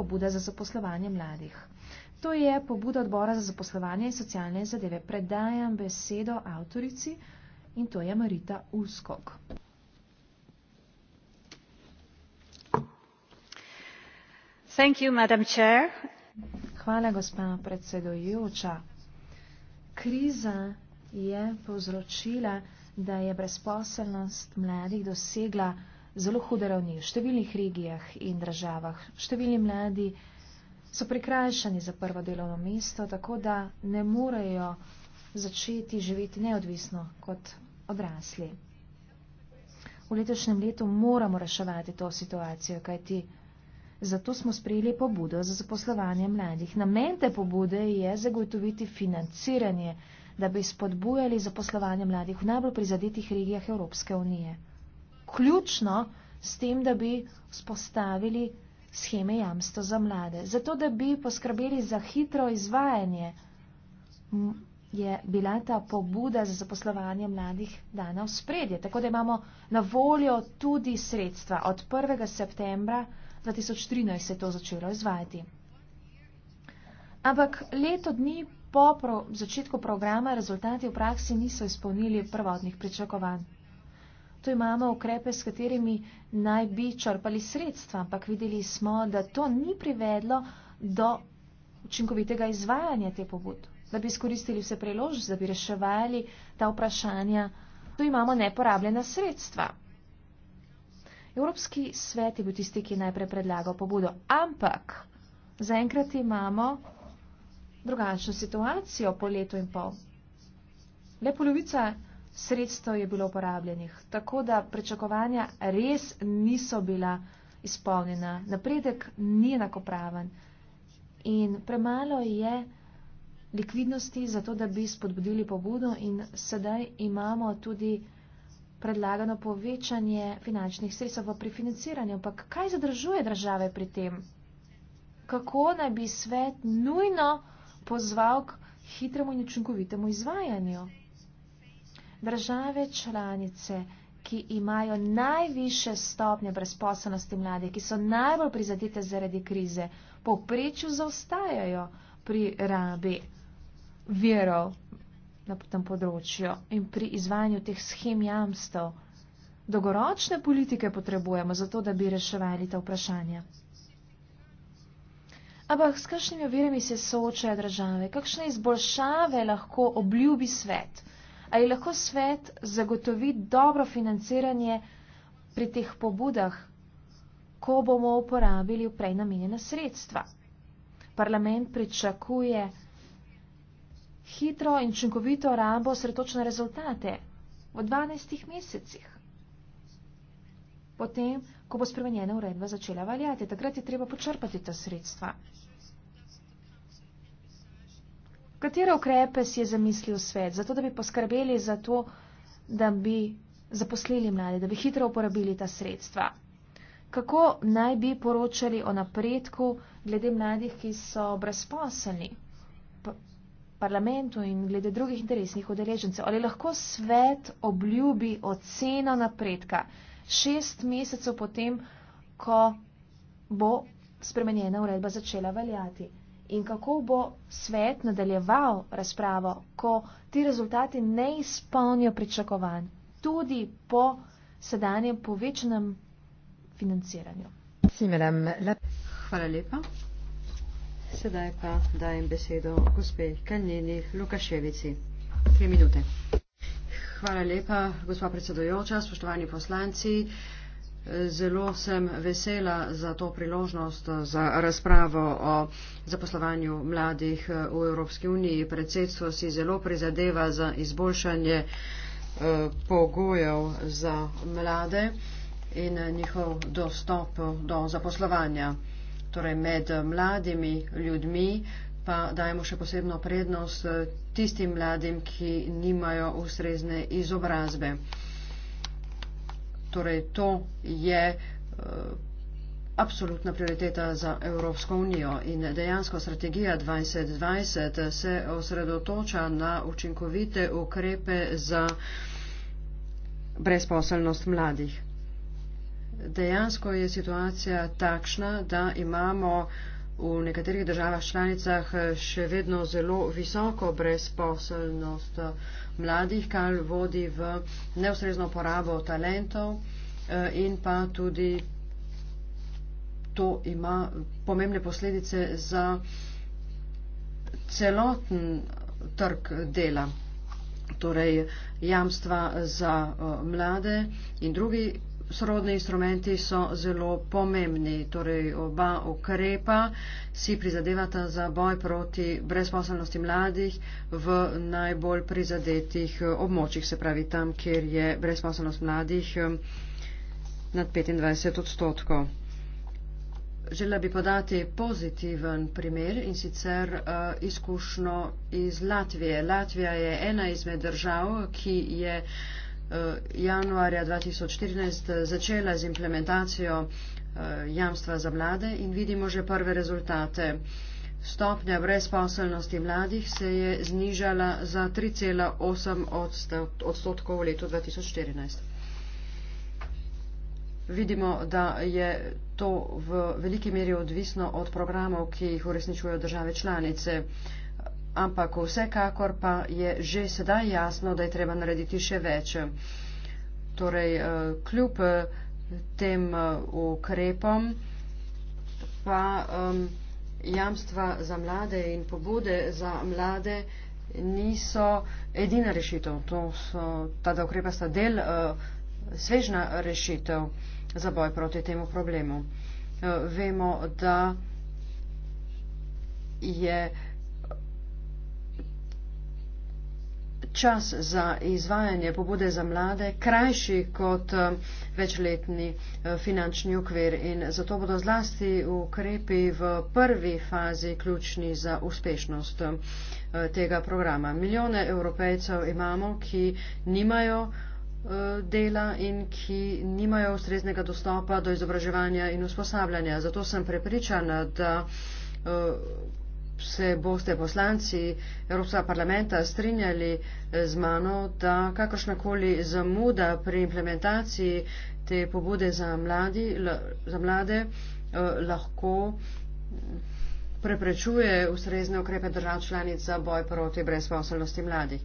pobuda za zaposlovanje mladih. To je pobuda odbora za zaposlovanje in socialne zadeve. Predajam besedo avtorici in to je Marita Uskok. Thank you, Chair. Hvala, gospa predsedojoča. Kriza je povzročila, da je brezposelnost mladih dosegla zelo hude ravni v številnih regijah in državah. Številni mladi so prikrajšani za prvo delovno mesto, tako da ne morejo začeti živeti neodvisno kot odrasli. V letošnjem letu moramo reševati to situacijo, kajti zato smo sprejeli pobudo za zaposlovanje mladih. Namen te pobude je zagotoviti financiranje, da bi spodbujali zaposlovanje mladih v najbolj prizadetih regijah Evropske unije vključno s tem, da bi spostavili scheme jamstva za mlade. Zato, da bi poskrbeli za hitro izvajanje, je bila ta pobuda za zaposlovanje mladih dana v spredje. Tako da imamo na voljo tudi sredstva. Od 1. septembra 2013 se je to začelo izvajati. Ampak leto dni po začetku programa rezultati v praksi niso izpolnili prvotnih pričakovanj tu imamo ukrepe, s katerimi naj bi črpali sredstva, ampak videli smo, da to ni privedlo do učinkovitega izvajanja te pobud, da bi izkoristili vse priložnosti, da bi reševali ta vprašanja. Tu imamo neporabljena sredstva. Evropski svet je bil tisti, ki najprej predlagal pobudo, ampak zaenkrat imamo drugačno situacijo po letu in pol. Le polovica sredstev je bilo uporabljenih. Tako da prečakovanja res niso bila izpolnjena. Napredek ni enakopraven in premalo je likvidnosti za to, da bi spodbudili pobudo in sedaj imamo tudi predlagano povečanje finančnih sredstev v prefinanciranju. Ampak kaj zadržuje države pri tem? Kako naj bi svet nujno pozval k hitremu in učinkovitemu izvajanju? države članice, ki imajo najviše stopnje brezposobnosti mlade, ki so najbolj prizadite zaradi krize, poprečju zaostajajo pri rabi virov na tem področju in pri izvajanju teh schem jamstev. Dolgoročne politike potrebujemo zato, da bi reševali ta vprašanja. Ampak s kakšnimi virami se soočajo države, kakšne izboljšave lahko obljubi svet? Ali lahko svet zagotovi dobro financiranje pri teh pobudah, ko bomo uporabili prej namenjena sredstva? Parlament pričakuje hitro in učinkovito rabo sretočne rezultate v 12 mesecih. Potem, ko bo spremenjena uredba začela valjati, takrat je treba počrpati ta sredstva. Katere ukrepe si je zamislil svet, zato da bi poskrbeli za to, da bi zaposlili mlade, da bi hitro uporabili ta sredstva? Kako naj bi poročali o napredku glede mladih, ki so brezposelni parlamentu in glede drugih interesnih udeležencev? Ali lahko svet obljubi oceno napredka šest mesecev potem, ko bo spremenjena uredba začela veljati? in kako bo svet nadaljeval razpravo, ko ti rezultati ne izpolnijo pričakovanj, tudi po sedanjem povečanem financiranju. Hvala lepa. Sedaj pa dajem besedo gospe Kanjeni Lukaševici. Tri minute. Hvala lepa, gospa predsedujoča, spoštovani poslanci. Zelo sem vesela za to priložnost za razpravo o zaposlovanju mladih eh, v Evropski uniji. Predsedstvo si zelo prizadeva za izboljšanje eh, pogojev za mlade in njihov dostop do zaposlovanja. Torej med mladimi ljudmi pa dajemo še posebno prednost eh, tistim mladim, ki nimajo ustrezne izobrazbe. Torej, to je eh, absolutna prioriteta za Evropsko unijo in dejansko strategija 2020 se osredotoča na učinkovite ukrepe za brezposelnost mladih. Dejansko je situacija takšna, da imamo v nekaterih državah članicah eh, še vedno zelo visoko brezposelnost eh, mladih, kar vodi v neustrezno porabo talentov eh, in pa tudi to ima pomembne posledice za celoten trg dela. Torej, jamstva za mlade in drugi Srodni instrumenti so zelo pomembni, torej oba ukrepa si prizadevata za boj proti brezposobnosti mladih v najbolj prizadetih eh, območjih, se pravi tam, kjer je brezposobnost mladih eh, nad 25 odstotkov. Želela bi podati pozitiven primer in sicer uh, izkušnjo iz Latvije. Latvija je ena izmed držav, ki je uh, Eh, januarja 2014 eh, začela z implementacijo eh, jamstva za mlade in vidimo že prve rezultate. Stopnja brezposelnosti mladih se je znižala za 3,8 odstotkov v letu 2014. Vidimo, da je to v veliki meri odvisno od programov, ki jih uresničujejo države članice ampak vsekakor pa je že sedaj jasno, da je treba narediti še več. Torej, eh, kljub eh, tem eh, ukrepom pa jamstva za mlade in pobude za mlade niso edina rešitev. So, ta dva ukrepa sta del svežna rešitev za boj proti temu problemu. Vemo, da je čas za izvajanje pobude za mlade krajši kot eh, večletni eh, finančni okvir in zato bodo zlasti ukrepi v prvi fazi ključni za uspešnost eh, tega programa. Milijone evropejcev imamo, ki nimajo dela in ki nimajo ustreznega dostopa do izobraževanja in usposabljanja. Zato sem prepričana, da se boste poslanci Evropskega parlamenta strinjali eh, z mano, da kakršnakoli zamuda pri implementaciji te pobude za, mladi, la, za mlade eh, lahko preprečuje ustrezne ukrepe držav članic za boj proti brezposelnosti mladih.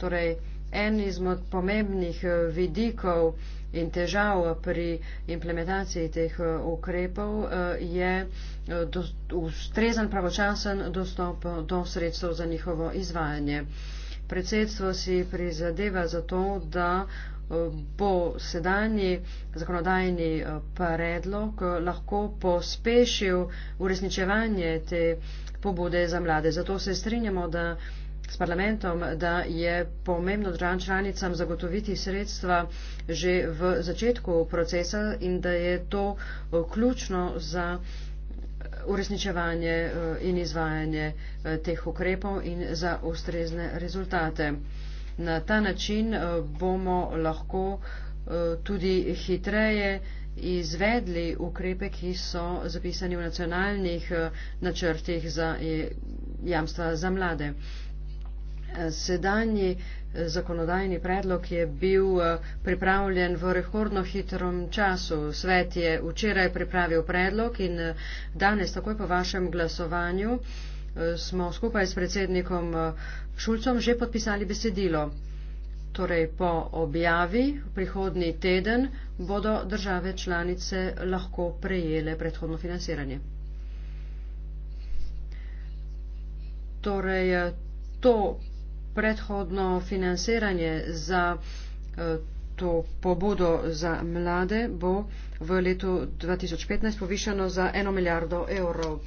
Torej, en izmed pomembnih eh, vidikov eh, in težav pri implementaciji teh eh, ukrepov eh, je eh, do, ustrezen pravočasen dostop do sredstev za njihovo izvajanje. Predsedstvo si prizadeva za to, da bo sedanji zakonodajni predlog lahko pospešil uresničevanje te pobude za mlade. Zato se strinjamo, da s parlamentom, da je pomembno državam članicam zagotoviti sredstva že v začetku procesa in da je to eh, ključno za eh, uresničevanje eh, in izvajanje teh ukrepov in za ustrezne rezultate. Na ta način bomo lahko tudi hitreje izvedli ukrepe, ki so zapisani v nacionalnih načrtih za jamstva za mlade sedanji eh, zakonodajni predlog je bil eh, pripravljen v rekordno hitrom času. Svet je včeraj pripravil predlog in eh, danes, takoj po vašem glasovanju, smo skupaj s predsednikom Šulcom že podpisali besedilo. Torej, po objavi prihodni teden bodo države članice lahko prejele predhodno financiranje. Torej, to predhodno financiranje za eh, to pobudo za mlade bo v letu 2015 povišeno za eno milijardo evrov.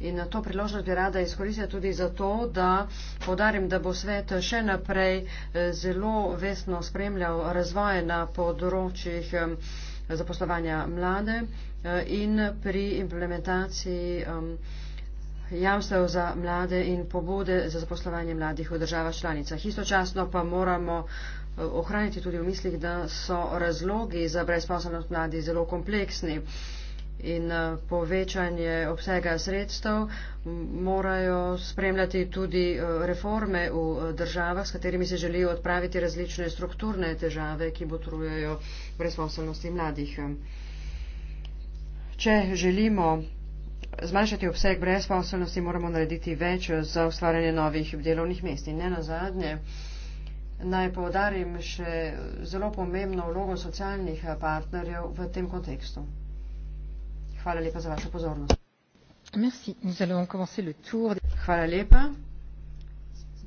In to priložnost bi rada izkoristila tudi zato, da podarim, da bo svet še naprej eh, zelo vesno spremljal razvoje na področjih eh, zaposlovanja mlade in pri implementaciji um, jamstev za mlade in pobude za zaposlovanje mladih v državah članicah. Istočasno pa moramo eh, ohraniti tudi v mislih, da so razlogi za brezposobnost mladih zelo kompleksni in eh, povečanje obsega sredstev morajo spremljati tudi eh, reforme v državah, s katerimi se želijo odpraviti različne strukturne težave, ki botrujajo brezposobnosti mladih. Če želimo zmanjšati obseg brezposelnosti, moramo narediti več za ustvarjanje novih delovnih mest. In ne na zadnje, naj povdarim še zelo pomembno vlogo socialnih partnerjev v tem kontekstu. Hvala lepa za vašo pozornost. Merci. Nous allons commencer le tour. Hvala lepa.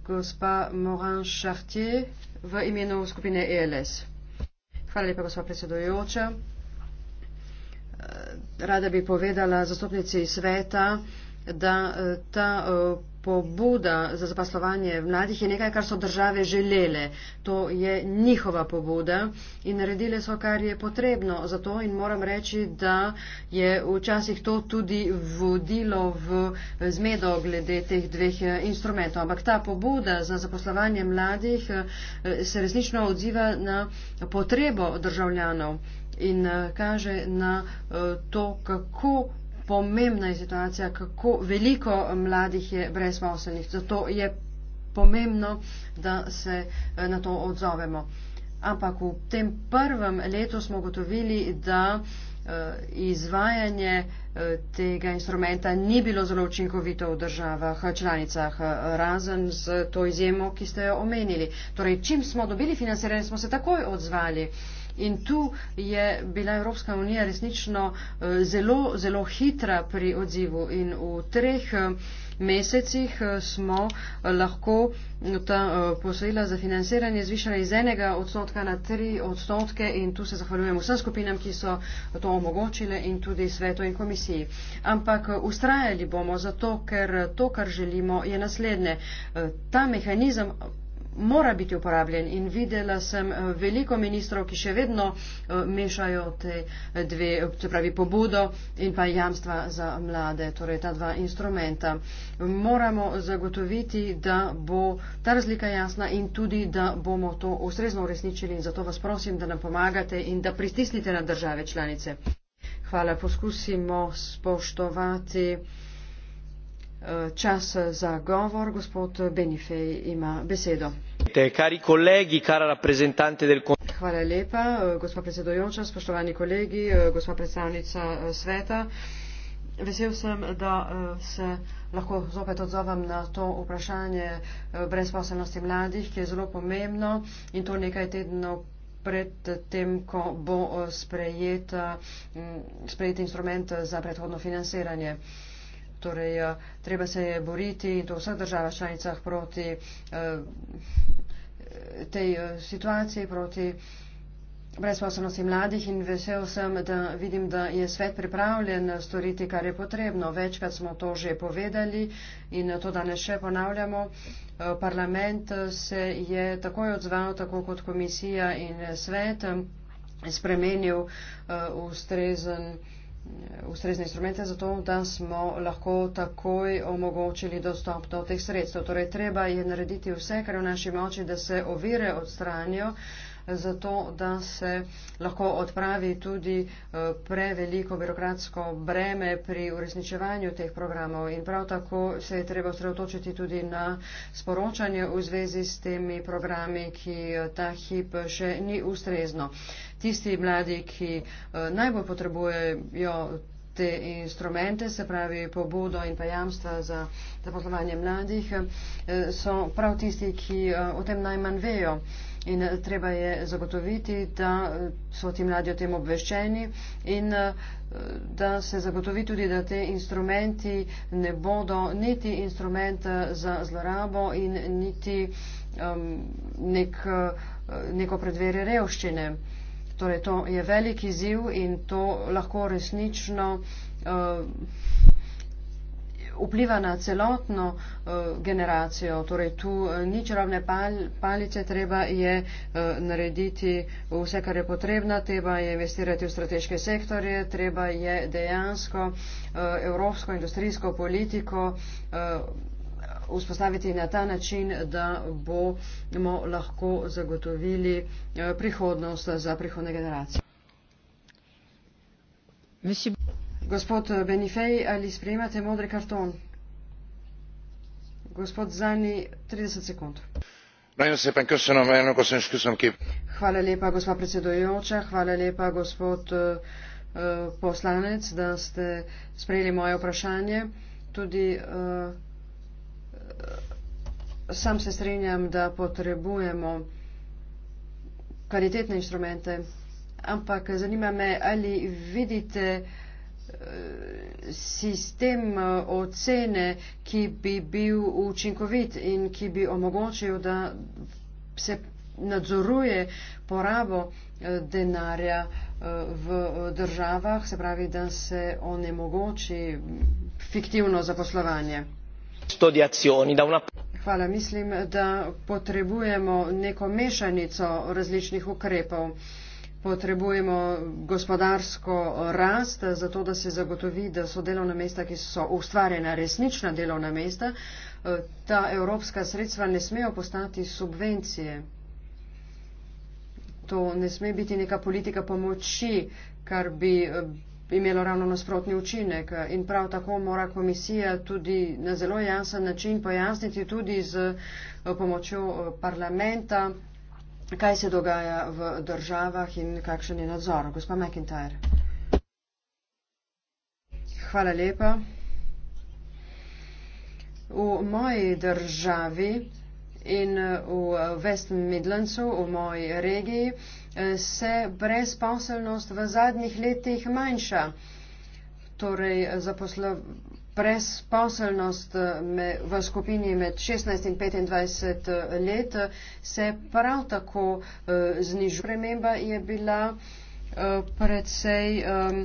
Gospa Morin Chartier v imenu skupine ELS. Hvala lepa, gospa predsedujoča rada bi povedala zastopnici sveta, da e, ta e, pobuda za zaposlovanje mladih je nekaj, kar so države želele. To je njihova pobuda in naredile so, kar je potrebno za to in moram reči, da je včasih to tudi vodilo v zmedo glede teh dveh e, instrumentov. Ampak ta pobuda za zaposlovanje mladih se resnično odziva na potrebo državljanov in eh, kaže na eh, to, kako pomembna je situacija, kako veliko eh, mladih je brezposelnih. Zato je pomembno, da se na to odzovemo. Ampak v tem prvem letu smo gotovili, da izvajanje tega instrumenta ni bilo zelo učinkovito v državah članicah, razen z to izjemo, ki ste jo omenili. Torej, čim smo dobili financiranje, smo se takoj odzvali. In tu je bila Evropska unija resnično eh, zelo, zelo hitra pri odzivu in v treh eh, mesecih eh, smo lahko mm, ta posojila za financiranje zvišali iz enega odstotka na tri odstotke in tu se zahvaljujem vsem skupinam, ki so to omogočile in tudi svetu in komisiji. Ampak ustrajali bomo zato, ker to, kar želimo, je naslednje. Ta mehanizem mora biti uporabljen in videla sem eh, veliko ministrov, ki še vedno eh, mešajo te eh, dve, se pravi pobudo in pa jamstva za mlade, torej ta dva instrumenta. Moramo zagotoviti, da bo ta razlika jasna in tudi, da bomo to ustrezno uresničili in zato vas prosim, da nam pomagate in da pristisnite na države članice. Hvala, poskusimo spoštovati čas za govor. Gospod Benifej ima besedo gospa predsedujoča spoštovani kolegi gospa predstavnica eh, sveta vesel sem da eh, se lahko zopet odzovem na to vprašanje eh, brezposelnosti mladih ki je zelo pomembno in to nekaj tednov pred tem, ko bo sprejet, sprejet instrument za predhodno financiranje. Torej, treba se je boriti in to v vseh državah članicah proti tej eh, situaciji proti brezposobnosti mladih in vesel sem, da vidim, da je svet pripravljen storiti, kar je potrebno. Večkrat smo to že povedali in to danes še ponavljamo. Eh, parlament eh, se je takoj odzval, tako kot komisija in svet, spremenil ustrezen. Uh, ustrezne instrumente za to, da smo lahko takoj omogočili dostop do teh sredstev. Torej, treba je narediti vse, kar je v naši moči, da se ovire odstranijo zato da se lahko odpravi tudi eh, preveliko birokratsko breme pri uresničevanju teh programov. In prav tako se je treba sredotočiti tudi na sporočanje v zvezi s temi programi, ki eh, ta hip še ni ustrezno. Tisti mladi, ki eh, najbolj potrebujejo te instrumente, se pravi pobudo in pa jamstva za zaposlovanje mladih, so prav tisti, ki o tem najmanj vejo. In eh, treba je zagotoviti, da eh, so ti mladi o tem obveščeni in eh, da se zagotovi tudi, da te instrumenti ne bodo niti instrument za zlorabo in niti um, nek, neko predverje revščine. Torej, to je veliki ziv in to lahko resnično. Uh, vpliva na celotno eh, generacijo. Torej, tu eh, ni čarovne palice, treba je eh, narediti vse, kar je potrebno, treba je investirati v strateške sektorje, treba je dejansko evropsko industrijsko politiko vzpostaviti na ta način, da bomo lahko zagotovili prihodnost za prihodne generacije. Monsieur... Gospod Benifej, ali sprejemate modri karton? Gospod Zani, 30 sekund. Hvala lepa, gospa predsedojoča, hvala lepa, gospod uh, poslanec, da ste sprejeli moje vprašanje. Tudi uh, sam se strinjam, da potrebujemo kvalitetne inštrumente, ampak zanima me, ali vidite uh, sistem eh, ocene, ki bi bil učinkovit in ki bi omogočil, da se nadzoruje porabo eh, denarja eh, v državah, se pravi, da se onemogoči fiktivno zaposlovanje. Hvala, mislim, da potrebujemo neko mešanico različnih ukrepov. Potrebujemo gospodarsko rast, zato da se zagotovi, da so delovna mesta, ki so ustvarjena, resnična delovna mesta. Eh, ta evropska sredstva ne smejo postati subvencije. To ne sme biti neka politika pomoči, kar bi eh, imelo ravno nasprotni učinek. In prav tako mora komisija tudi na zelo jasen način pojasniti tudi z eh, pomočjo parlamenta kaj se dogaja v državah in kakšen je nadzor. Gospa McIntyre. Hvala lepa. V moji državi in v West Midlandsu, v moji regiji, se brezposelnost v zadnjih letih manjša. Torej, zaposlo, Presposelnost eh, me, v skupini med 16 in 25 eh, let se prav tako uh, znižuje. Prememba je bila uh, predvsej um,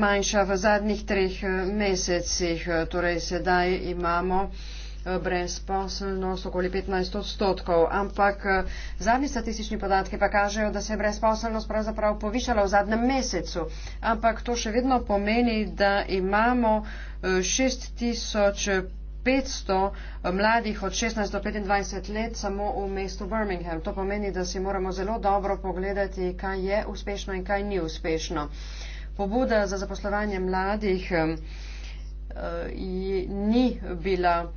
manjša v zadnjih treh mesecih, torej sedaj imamo uh, brezposelnost okoli 15 odstotkov. Ampak eh, zadnji statistični podatki pa kažejo, da se je brezposelnost pravzaprav povišala v zadnjem mesecu. Ampak to še vedno pomeni, da imamo 6500 eh, eh, mladih od 16 do 25 let samo v mestu Birmingham. To pomeni, da si moramo zelo dobro pogledati, kaj je uspešno in kaj ni uspešno. Pobuda za zaposlovanje mladih uh, ni bila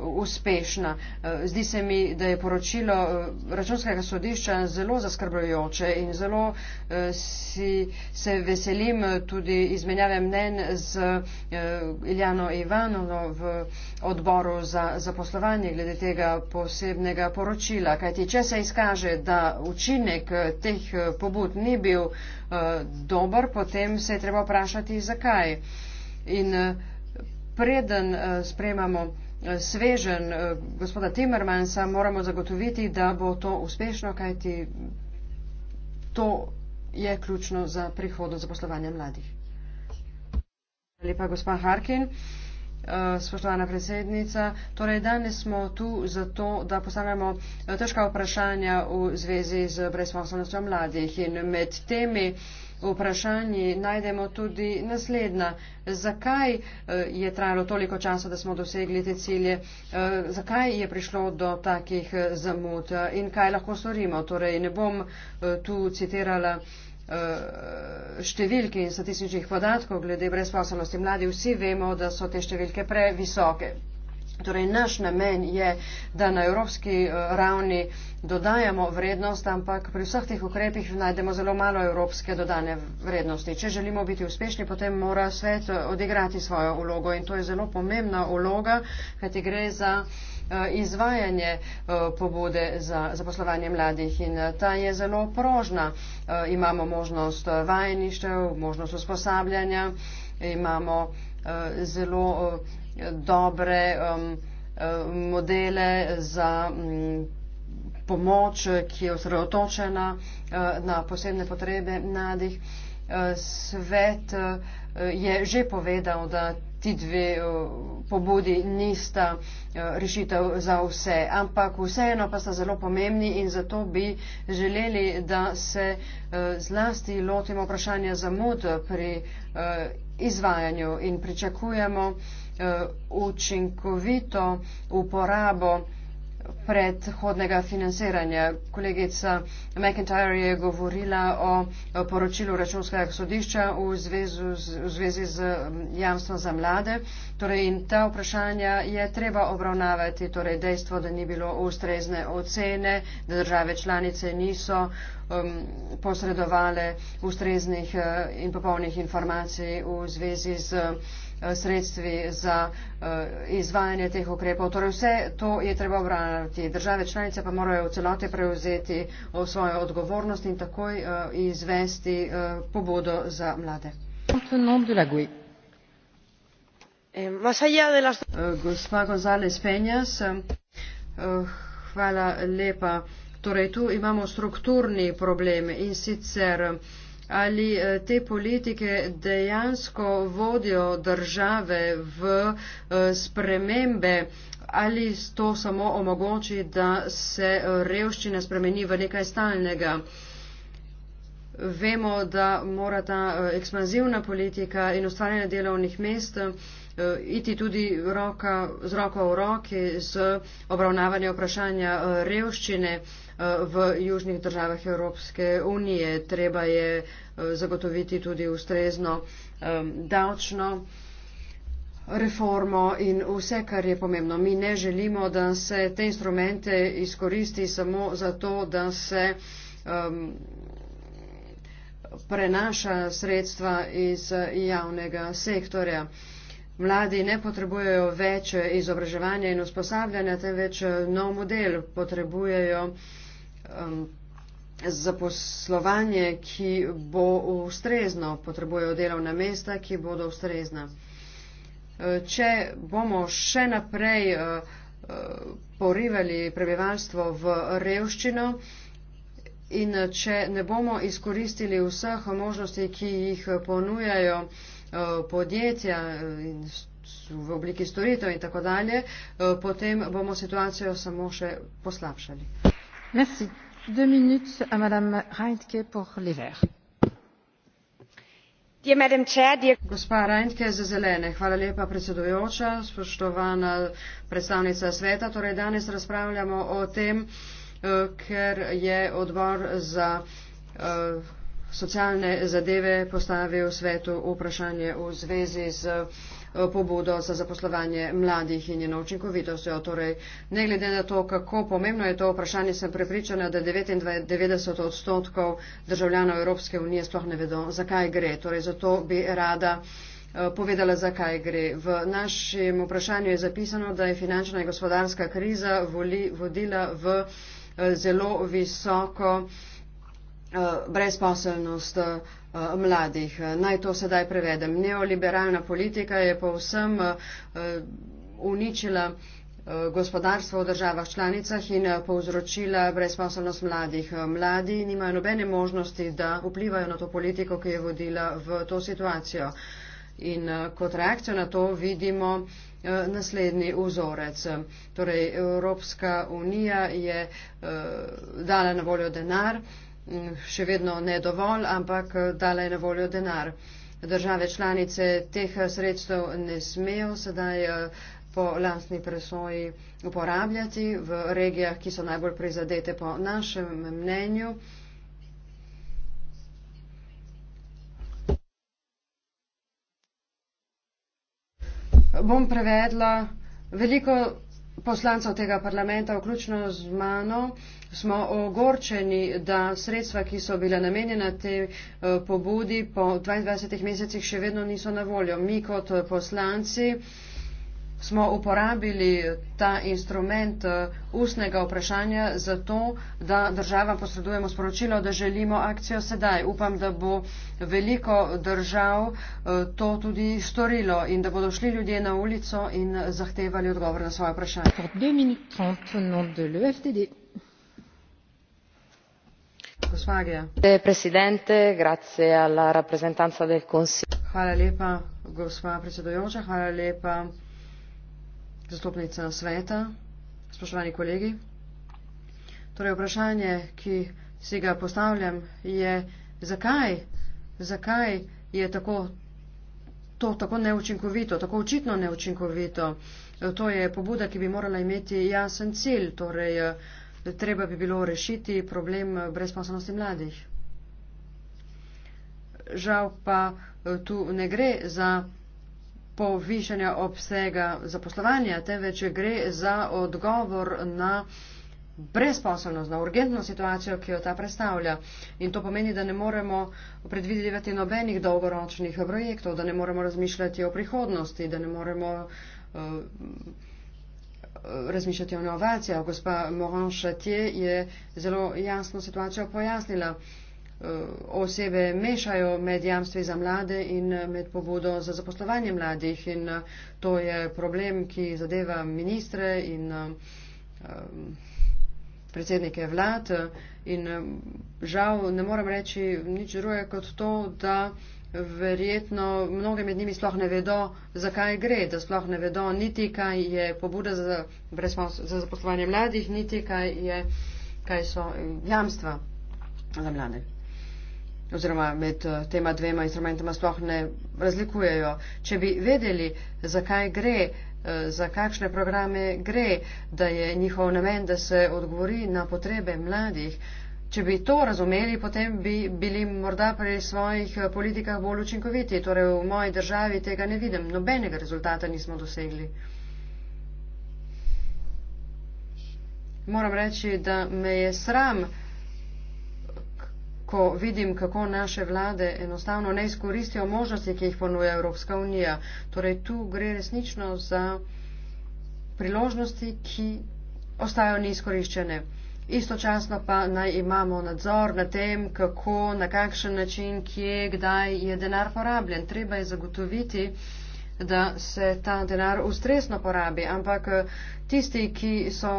uspešna. Eh, zdi se mi, da je poročilo eh, računskega sodišča zelo zaskrbljujoče in zelo eh, si, se veselim tudi izmenjave mnen z Iljano Ivanovo v odboru za zaposlovanje glede tega posebnega poročila. Kajti, če se izkaže, da učinek teh pobud ni bil dober, potem se je treba vprašati, zakaj. In preden spremamo svežen eh, gospoda Timmermansa, moramo zagotoviti, da bo to uspešno, kajti to je ključno za prihodnost zaposlovanja mladih. Lepa gospa Harkin, eh, spoštovana predsednica. Torej, danes smo tu zato, da postavljamo eh, težka vprašanja v zvezi z brezposobnostjo mladih in med temi uh, V vprašanji najdemo tudi naslednja. Zakaj eh, je trajalo toliko časa, da smo dosegli te cilje? Eh, zakaj je prišlo do takih eh, zamud in kaj lahko storimo? Torej, ne bom tu citirala številke in statističnih podatkov glede brezposobnosti mladi. Vsi vemo, da so te številke previsoke. Torej, naš namen je, da na evropski eh, ravni dodajamo vrednost, ampak pri vseh teh ukrepih najdemo zelo malo evropske dodane vrednosti. Če želimo biti uspešni, potem mora svet eh, odigrati svojo ulogo in to je zelo pomembna uloga, kajti gre za eh, izvajanje pobude za zaposlovanje mladih in ta je zelo prožna. Imamo možnost vajeništev, možnost usposabljanja, imamo zelo dobre um, um, modele za um, pomoč, ki je osredotočena uh, na posebne potrebe mladih. Uh, svet uh, je že povedal, da ti dve uh, pobudi nista rešitev za vse, ampak vseeno pa sta zelo pomembni in zato bi želeli, da se zlasti lotimo vprašanja zamud pri izvajanju in pričakujemo, da Eh, učinkovito uporabo predhodnega financiranja. Kolegica McIntyre je govorila o poročilu računskega sodišča v zvezi, v zvezi z jamstvom za mlade. Torej in ta vprašanja je treba obravnavati, torej dejstvo, da ni bilo ustrezne ocene, da države članice niso um, posredovale ustreznih uh, in popolnih informacij v zvezi z um, Eh, sredstvi za eh, izvajanje teh ukrepov. Torej vse to je treba obraniti. Države članice pa morajo v celoti prevzeti o eh, svojo odgovornost in takoj izvesti pobudo za mlade. Gospa González Penjas, hvala lepa. Torej tu imamo strukturni problem in sicer ali eh, te politike dejansko vodijo države v eh, spremembe ali to samo omogoči, da se eh, revščina spremeni v nekaj stalnega. Vemo, da mora ta ekspanzivna politika in ustvarjanje delovnih mest iti tudi roka, z roko v roki z obravnavanjem vprašanja revščine v južnih državah Evropske unije. Treba je eh, zagotoviti tudi ustrezno davčno reformo in vse, kar je pomembno. Mi ne želimo, da se te instrumente izkoristi samo zato, da se um, prenaša sredstva iz javnega sektorja. Mladi ne potrebujejo več izobraževanja in usposabljanja, temveč nov model potrebujejo um, zaposlovanje, ki bo ustrezno, potrebujejo delovna mesta, ki bodo ustrezna. E, če bomo še naprej e, e, porivali prebivalstvo v revščino in če ne bomo izkoristili vseh možnosti, ki jih ponujajo podjetja v obliki storitev in tako dalje, potem bomo situacijo samo še poslabšali gospa reintke za zelene hvala lepa predsedujoča spoštovana predstavnica sveta torej danes razpravljamo o tem eh, ker je odbor za eh, socialne zadeve postavil svetu vprašanje v zvezi s pobudo za zaposlovanje mladih in njeno učinkovitost. Torej, ne glede na to, kako pomembno je to vprašanje, sem prepričana, da 99 odstotkov državljanov Evropske unije sploh ne vedo, zakaj gre. Torej, zato bi rada eh, povedala, zakaj gre. V našem vprašanju je zapisano, da je finančna in gospodarska kriza voli, vodila v eh, zelo visoko eh, brezposelnost Eh, mladih. Naj to sedaj prevedem. Neoliberalna politika je povsem eh, uničila eh, gospodarstvo v državah članicah in povzročila brezposobnost mladih. Mladi nimajo nobene možnosti, da vplivajo na to politiko, ki je vodila v to situacijo. In kot reakcijo na to vidimo naslednji vzorec. Torej, Evropska unija je dala na voljo denar, še vedno ne dovolj, ampak eh, dala je na voljo denar. Države članice teh eh, sredstev ne smejo sedaj eh, po lastni presoji uporabljati v regijah, ki so najbolj prizadete po našem mnenju. Bom prevedla veliko poslancev tega parlamenta, vključno z mano smo ogorčeni, da sredstva, ki so bila namenjena te eh, pobudi, po 22 mesecih še vedno niso na voljo. Mi kot eh, poslanci smo uporabili eh, ta instrument ustnega vprašanja za to, da državam posredujemo sporočilo, da želimo akcijo sedaj. Upam, da bo veliko držav to tudi storilo in da bodo šli ljudje na ulico in zahtevali odgovor na svoje vprašanje gospa predsedujoča hvala lepa zastopnici sveta spoštovani kolegi torej vprašanje ki ga si je postavljam je kako lahko zakaj zakaj je tako to tako neučinkovito tako očitno neučinkovito to je pobuda ki bi morala imeti jasen cilj torej treba bi bilo rešiti problem brezposobnosti mladih. Žal pa eh, tu ne gre za povišanje obsega zaposlovanja, temveč gre za odgovor na brezposobnost, na urgentno situacijo, ki jo ta predstavlja. In to pomeni, da ne moremo predvidevati nobenih dolgoročnih projektov, da ne moremo razmišljati o prihodnosti, da ne moremo. Uh, razmišljati o inovacijah. Gospa Moran Šatje je zelo jasno situacijo pojasnila. Eh, osebe mešajo med jamstvi za mlade in eh, med pobudo za zaposlovanje mladih in eh, to je problem, ki zadeva ministre in predsednike vlad in žal ne morem reči nič drugega kot to, da verjetno mnogi med njimi sploh ne vedo, zakaj gre, da sploh ne vedo niti, kaj je pobuda za, za zaposlovanje mladih, niti, kaj, je, kaj so eh, jamstva za mlade. Oziroma med eh, tema dvema instrumentoma sploh ne razlikujejo. Če bi vedeli, zakaj gre, eh, za kakšne programe gre, da je njihov namen, da se odgovori na potrebe mladih, Če bi to razumeli, potem bi bili morda pri svojih eh, politikah bolj učinkoviti. Torej, v moji državi tega ne vidim. Nobenega rezultata nismo dosegli. Moram reči, da me je sram, ko vidim, kako naše vlade enostavno ne izkoristijo možnosti, ki jih ponuja Evropska unija. Torej, tu gre resnično za priložnosti, ki ostajajo neizkoriščene. Istočasno pa naj imamo nadzor nad tem, kako, na kakšen način, kje, kdaj je denar porabljen. Treba je zagotoviti, da se ta denar ustresno porabi, ampak tisti, ki so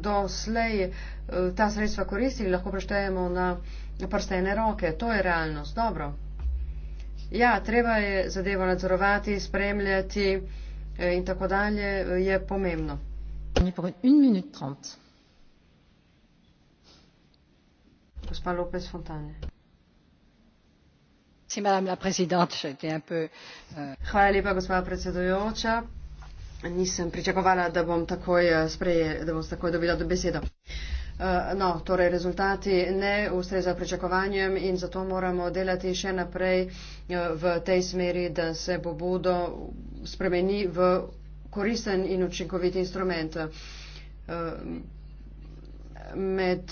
doslej eh, ta sredstva koristili, lahko preštejemo na prstene roke. To je realnost. Dobro. Ja, treba je zadevo nadzorovati, spremljati eh, in tako dalje eh, je pomembno. 1 minuta 30. Euh, Hvala lepa, gospa predsedujoča. Nisem pričakovala, da bom takoj, eh, spreje, da bom takoj dobila do besedo. Eh, no, torej rezultati ne ustreza pričakovanjem in zato moramo delati še naprej eh, v tej smeri, da se bo bodo spremeni v koristen in učinkovit instrument. Med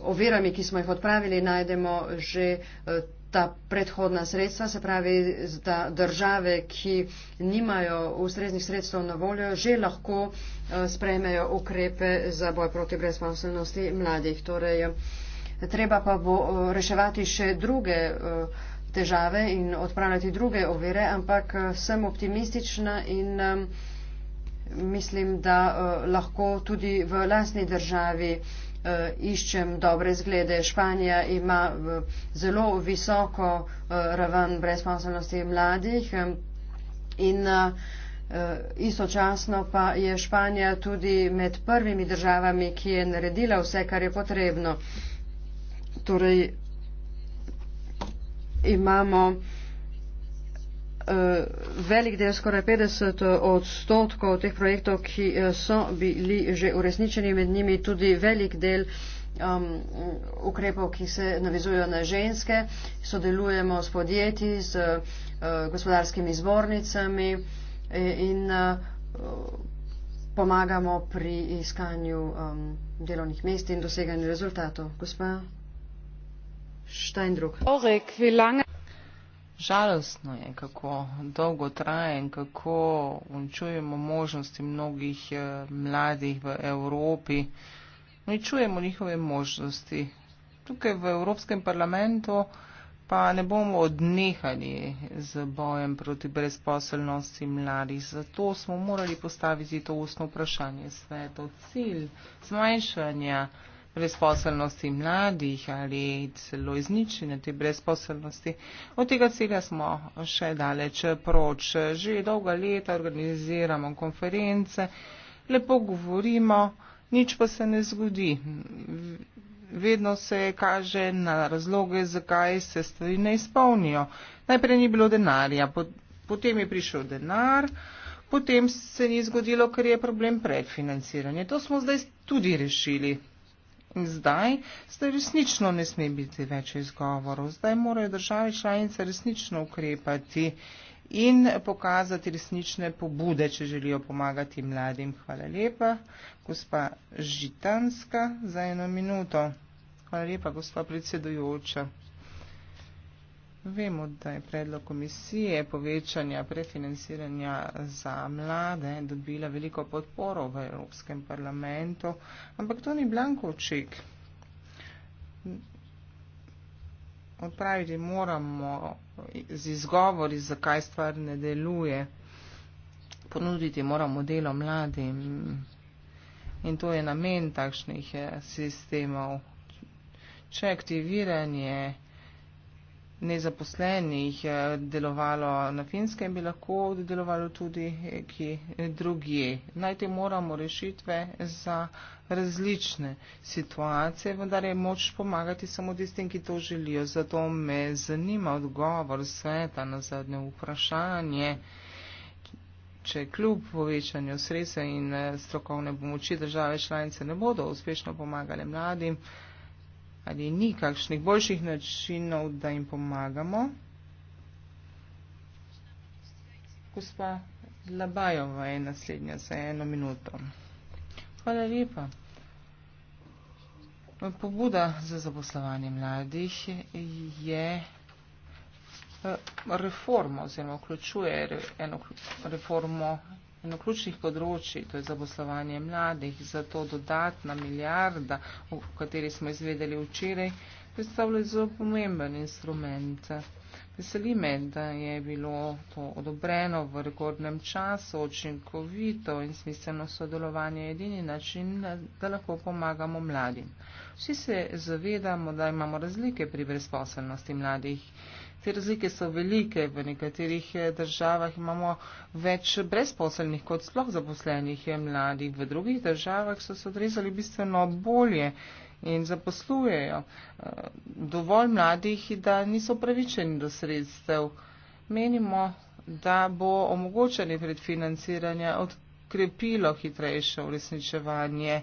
ovirami, ki smo jih odpravili, najdemo že eh, ta predhodna sredstva, se pravi, da države, ki nimajo ustreznih sredstev na voljo, že lahko eh, sprejmejo ukrepe za boj proti brezposobnosti mladih. Torej, eh, treba pa bo reševati še druge težave in odpravljati druge ovire, ampak sem optimistična in mislim, da lahko tudi v lasni državi uh, iščem dobre zglede. Španija ima eh, zelo visoko uh, raven brezposobnosti mladih um, in uh, Istočasno pa je Španija tudi med prvimi državami, ki je naredila vse, kar je potrebno. Torej imamo Eh, velik del, skoraj 50 eh, odstotkov teh projektov, ki eh, so bili že uresničeni, med njimi tudi velik del um, ukrepov, ki se navizujejo na ženske. Sodelujemo s podjetji, z uh, gospodarskimi zbornicami in uh, pomagamo pri iskanju um, delovnih mest in doseganju rezultatov. Gospa Štajndruk. Orek, žalostno je, kako dolgo traje in kako uničujemo možnosti mnogih eh, mladih v Evropi. Uničujemo njihove možnosti. Tukaj v Evropskem parlamentu pa ne bomo odnehali z bojem proti brezposelnosti mladih. Zato smo morali postaviti to ustno vprašanje svetu. Cilj zmanjšanja brezposelnosti mladih ali celo izničenja te brezposelnosti. Od tega cilja smo še daleč proč. Že dolga leta organiziramo konference, lepo govorimo, nič pa se ne zgodi. Vedno se kaže na razloge, zakaj se stvari ne izpolnijo. Najprej ni bilo denarja, potem je prišel denar, potem se ni zgodilo, ker je problem predfinanciranje. To smo zdaj tudi rešili. Zdaj, zdaj resnično ne sme biti več izgovorov. Zdaj morajo države članice resnično ukrepati in pokazati resnične pobude, če želijo pomagati mladim. Hvala lepa, gospa Žitanska, za eno minuto. Hvala lepa, gospa predsedujoča. Vemo, da je predlog komisije povečanja prefinanciranja za mlade dobila veliko podporo v Evropskem parlamentu, ampak to ni blankovček. Odpraviti moramo z izgovori, zakaj stvar ne deluje. Ponuditi moramo delo mladim. In to je namen takšnih eh, sistemov. Če aktiviranje nezaposlenih eh, delovalo na finskem, bi lahko delovalo tudi ki drugi. Najte moramo rešitve za različne situacije, vendar je moč pomagati samo tistim, ki to želijo. Zato me zanima odgovor sveta na zadnje vprašanje. Če kljub povečanju sredstev in eh, strokovne pomoči države članice ne bodo uspešno pomagali mladim, ali ni kakšnih boljših načinov, da jim pomagamo. Gospa Labajova je naslednja za eno minuto. Hvala lepa. Pobuda za zaposlovanje mladih je eh, reforma oziroma vključuje eno reformo eno ključnih področji, to je zaposlovanje mladih, zato dodatna milijarda, o kateri smo izvedeli včeraj, predstavlja zelo pomemben instrument. Veseli me, da je bilo to odobreno v rekordnem času, očinkovito in smiselno sodelovanje edini način, da lahko pomagamo mladim. Vsi se zavedamo, da imamo razlike pri brezposelnosti mladih. Te razlike so velike. V nekaterih eh, državah imamo več brezposelnih kot sploh zaposlenih eh, mladih. V drugih državah so se odrezali bistveno bolje in zaposlujejo eh, dovolj mladih, da niso pravičeni do sredstev. Menimo, da bo omogočanje predfinanciranja odkrepilo hitrejše uresničevanje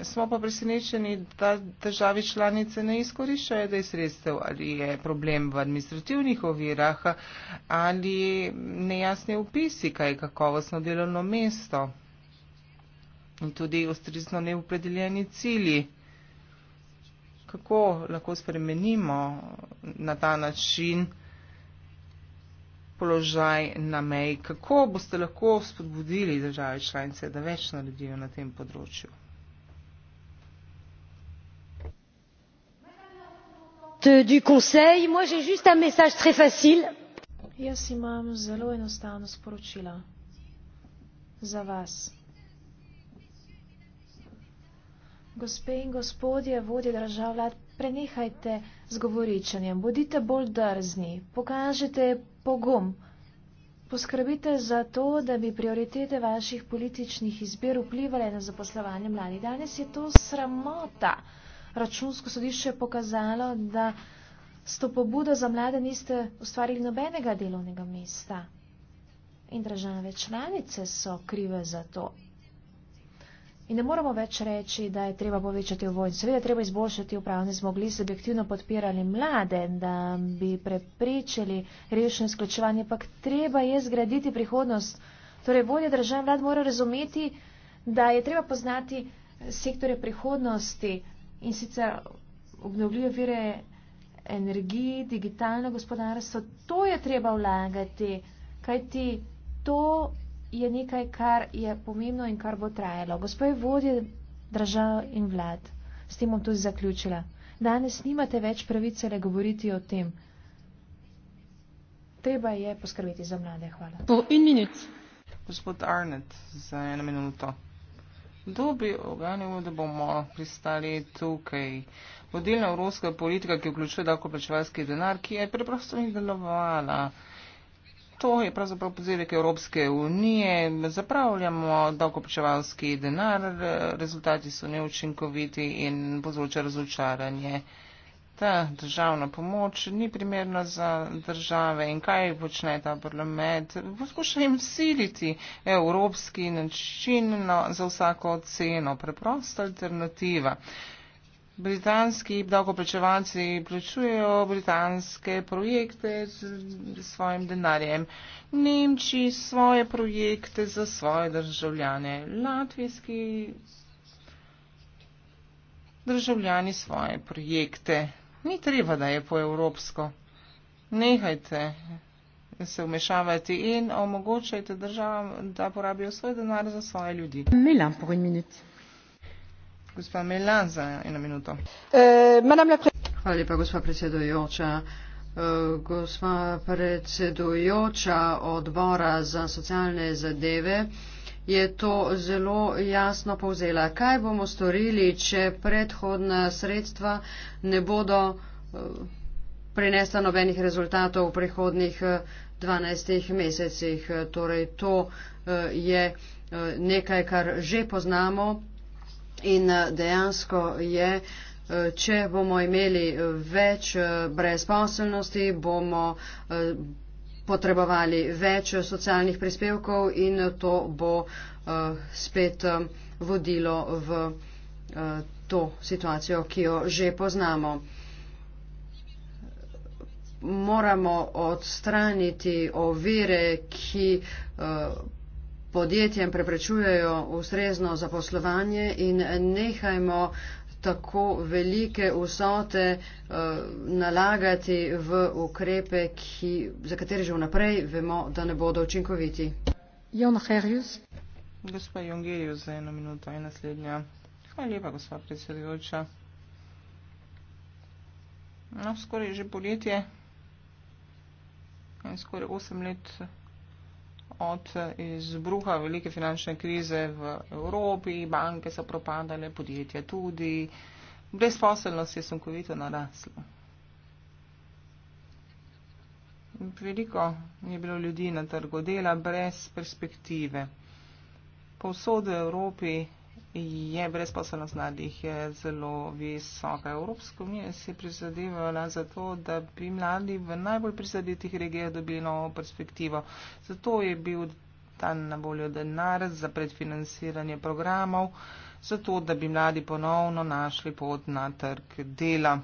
Smo pa presenečeni, da državi članice ne izkoriščajo dej sredstev, ali je problem v administrativnih ovirah, ali nejasni upisi, kaj je kakovostno delovno mesto in tudi ustrezno neupredeljeni cilji. Kako lahko spremenimo na ta način položaj na meji? Kako boste lahko spodbudili države članice, da več naredijo na tem področju? présidente du conseil j'ai juste un message très facile à vous adresser. Gospe in gospodje, vodje držav vlad, prenehajte z govoričanjem, bodite bolj drzni, pokažite pogum, poskrbite za to, da bi prioritete vaših političnih izbir vplivali na zaposlovanje mladih. Danes je to sramota računsko sodišče pokazalo, da s to pobudo za mlade niste ustvarili nobenega delovnega mesta. In države članice so krive za to. In ne moramo več reči, da je treba povečati vojno. Seveda je treba izboljšati upravne zmogljivosti, da bi aktivno podpirali mlade, da bi prepričali rešeno izključevanje. Pak treba je zgraditi prihodnost. Torej, vodje države vlad mora razumeti, da je treba poznati sektore prihodnosti, in sicer obnovljive vire energiji, digitalno gospodarstvo, to je treba vlagati, kajti to je nekaj, kar je pomembno in kar bo trajalo. Gospodje vodje držav in vlad, s tem bom tudi zaključila. Danes nimate več pravice le govoriti o tem. Treba je poskrbeti za mlade. Hvala. Gospod Arnet, za eno minuto. Kdo bi oganil, da bomo pristali tukaj? Vodilna evropska politika, ki vključuje davkoplačevalski denar, ki je preprosto ni delovala. To je pravzaprav pozivek Evropske unije. Zapravljamo davkoplačevalski denar, rezultati so neučinkoviti in povzroča razočaranje ta državna pomoč ni primerna za države in kaj počne ta parlament. Poskuša jim siliti evropski način na, za vsako ceno, preprosta alternativa. Britanski davkoplačevalci plačujejo britanske projekte s svojim denarjem. Nemčiji svoje projekte za svoje državljane. Latvijski državljani svoje projekte ni treba, da je po evropsko. Nehajte se vmešavati in omogočajte državam, da porabijo svoj denar za svoje ljudi. Milan, po en minut. Gospa Milan, za eno minuto. Eh, Hvala lepa, gospa predsedujoča. Eh, gospa predsedujoča odbora za socialne zadeve je to zelo jasno povzela. Kaj bomo storili, če predhodna sredstva ne bodo eh, prinesla nobenih rezultatov v prihodnih 12 eh, mesecih? Eh, torej, to je nekaj, kar že poznamo in dejansko je. Če bomo imeli več brezposelnosti, bomo potrebovali več socialnih prispevkov in to bo eh, spet eh, vodilo v eh, to situacijo, ki jo že poznamo. Moramo odstraniti ovire, ki podjetjem preprečujejo ustrezno zaposlovanje in nehajmo uh, tako velike vsote uh, nalagati v ukrepe, ki, za katere že vnaprej vemo, da ne bodo učinkoviti. Jon Herjus. Gospa Jungerius, za eno minuto in naslednja. Hvala lepa, gospa predsedujoča. No, skoraj že poletje. In skoraj osem let od izbruha velike finančne krize v Evropi, banke so propadale, podjetja tudi, brezposelnost je sunkovito narasla. Veliko je bilo ljudi na trgu dela brez perspektive. Povsod v Evropi je brezposelnost mladih je zelo visoka. Evropska unija se je prizadevala za to, da bi mladi v najbolj prizadetih regijah dobili novo perspektivo. Zato je bil dan na voljo denar za predfinanciranje programov, zato da bi mladi ponovno našli pot na trg dela.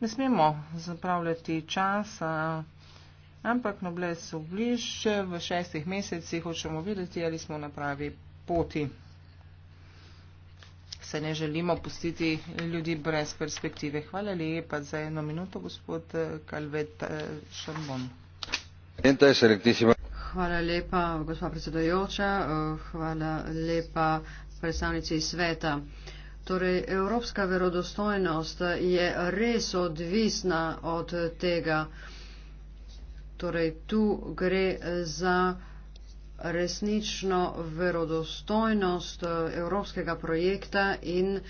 Ne smemo zapravljati časa. Ampak noblesu bliže, v šestih mesecih hočemo videti, ali smo na pravi poti. Se ne želimo pustiti ljudi brez perspektive. Hvala lepa za eno minuto, gospod Kalvet eh, eh, Šambon. Hvala lepa, gospod predsedojoča. Eh, hvala lepa predstavnici sveta. Torej, evropska verodostojnost je res odvisna od tega. Torej, tu gre za resnično verodostojnost eh, evropskega projekta in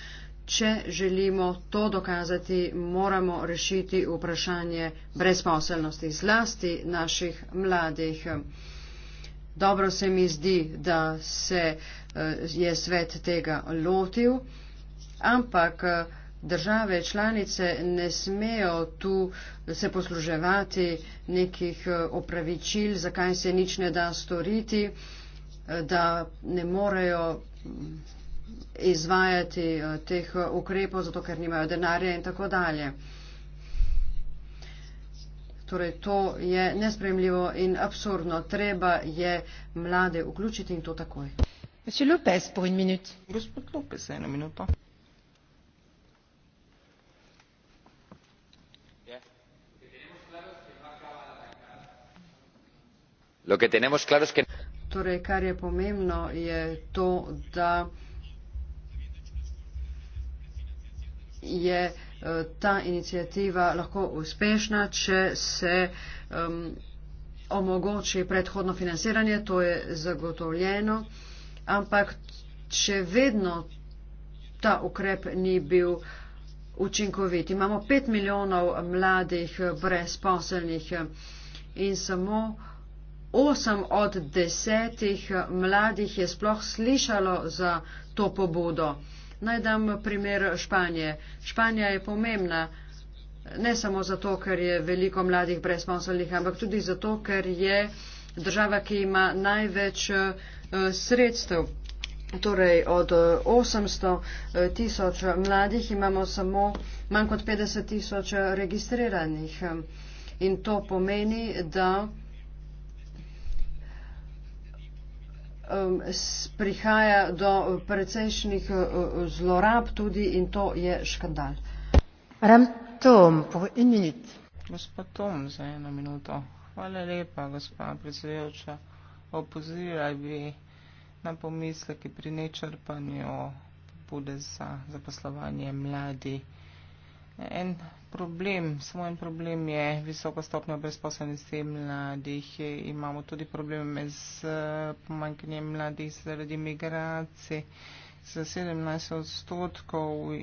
če želimo to dokazati, moramo rešiti vprašanje brezposelnosti zlasti naših mladih. Dobro se mi zdi, da se eh, je svet tega lotil, ampak eh, države članice ne smejo tu se posluževati nekih eh, opravičil, zakaj se nič ne da storiti, eh, da ne morejo mm, izvajati eh, teh ukrepov, zato ker nimajo denarja in tako dalje. Torej, to je nespremljivo in absurdno. Treba je mlade vključiti in to takoj. Gospod Lopez, eno minuto. torej kar je pomembno je to da je eh, ta iniciativa lahko uspešna če se um, omogoči predhodno financiranje to je zagotovljeno ampak če vedno ta ukrep ni bil učinkovit imamo pet milijonov mladih brezposelnih in samo osem od desetih mladih je sploh slišalo za to pobudo. Naj dam primer Španije. Španija je pomembna ne samo zato, ker je veliko mladih brezposelnih, ampak tudi zato, ker je država, ki ima največ eh, sredstev. Torej, od 800 eh, eh, tisoč mladih imamo samo manj kot 50 tisoč registriranih. In to pomeni, da um, prihaja do precejšnjih uh, zlorab tudi in to je škandal. Gospod Tom, za eno minuto. Hvala lepa, gospa predsedujoča. Opozirala bi na pomisleki pri nečrpanju pobude za zaposlovanje mladih. En problem, samo en problem je visoko stopnjo brezposobnosti mladih. Imamo tudi probleme z eh, pomankanjem mladih zaradi migracij. Za 17 odstotkov eh,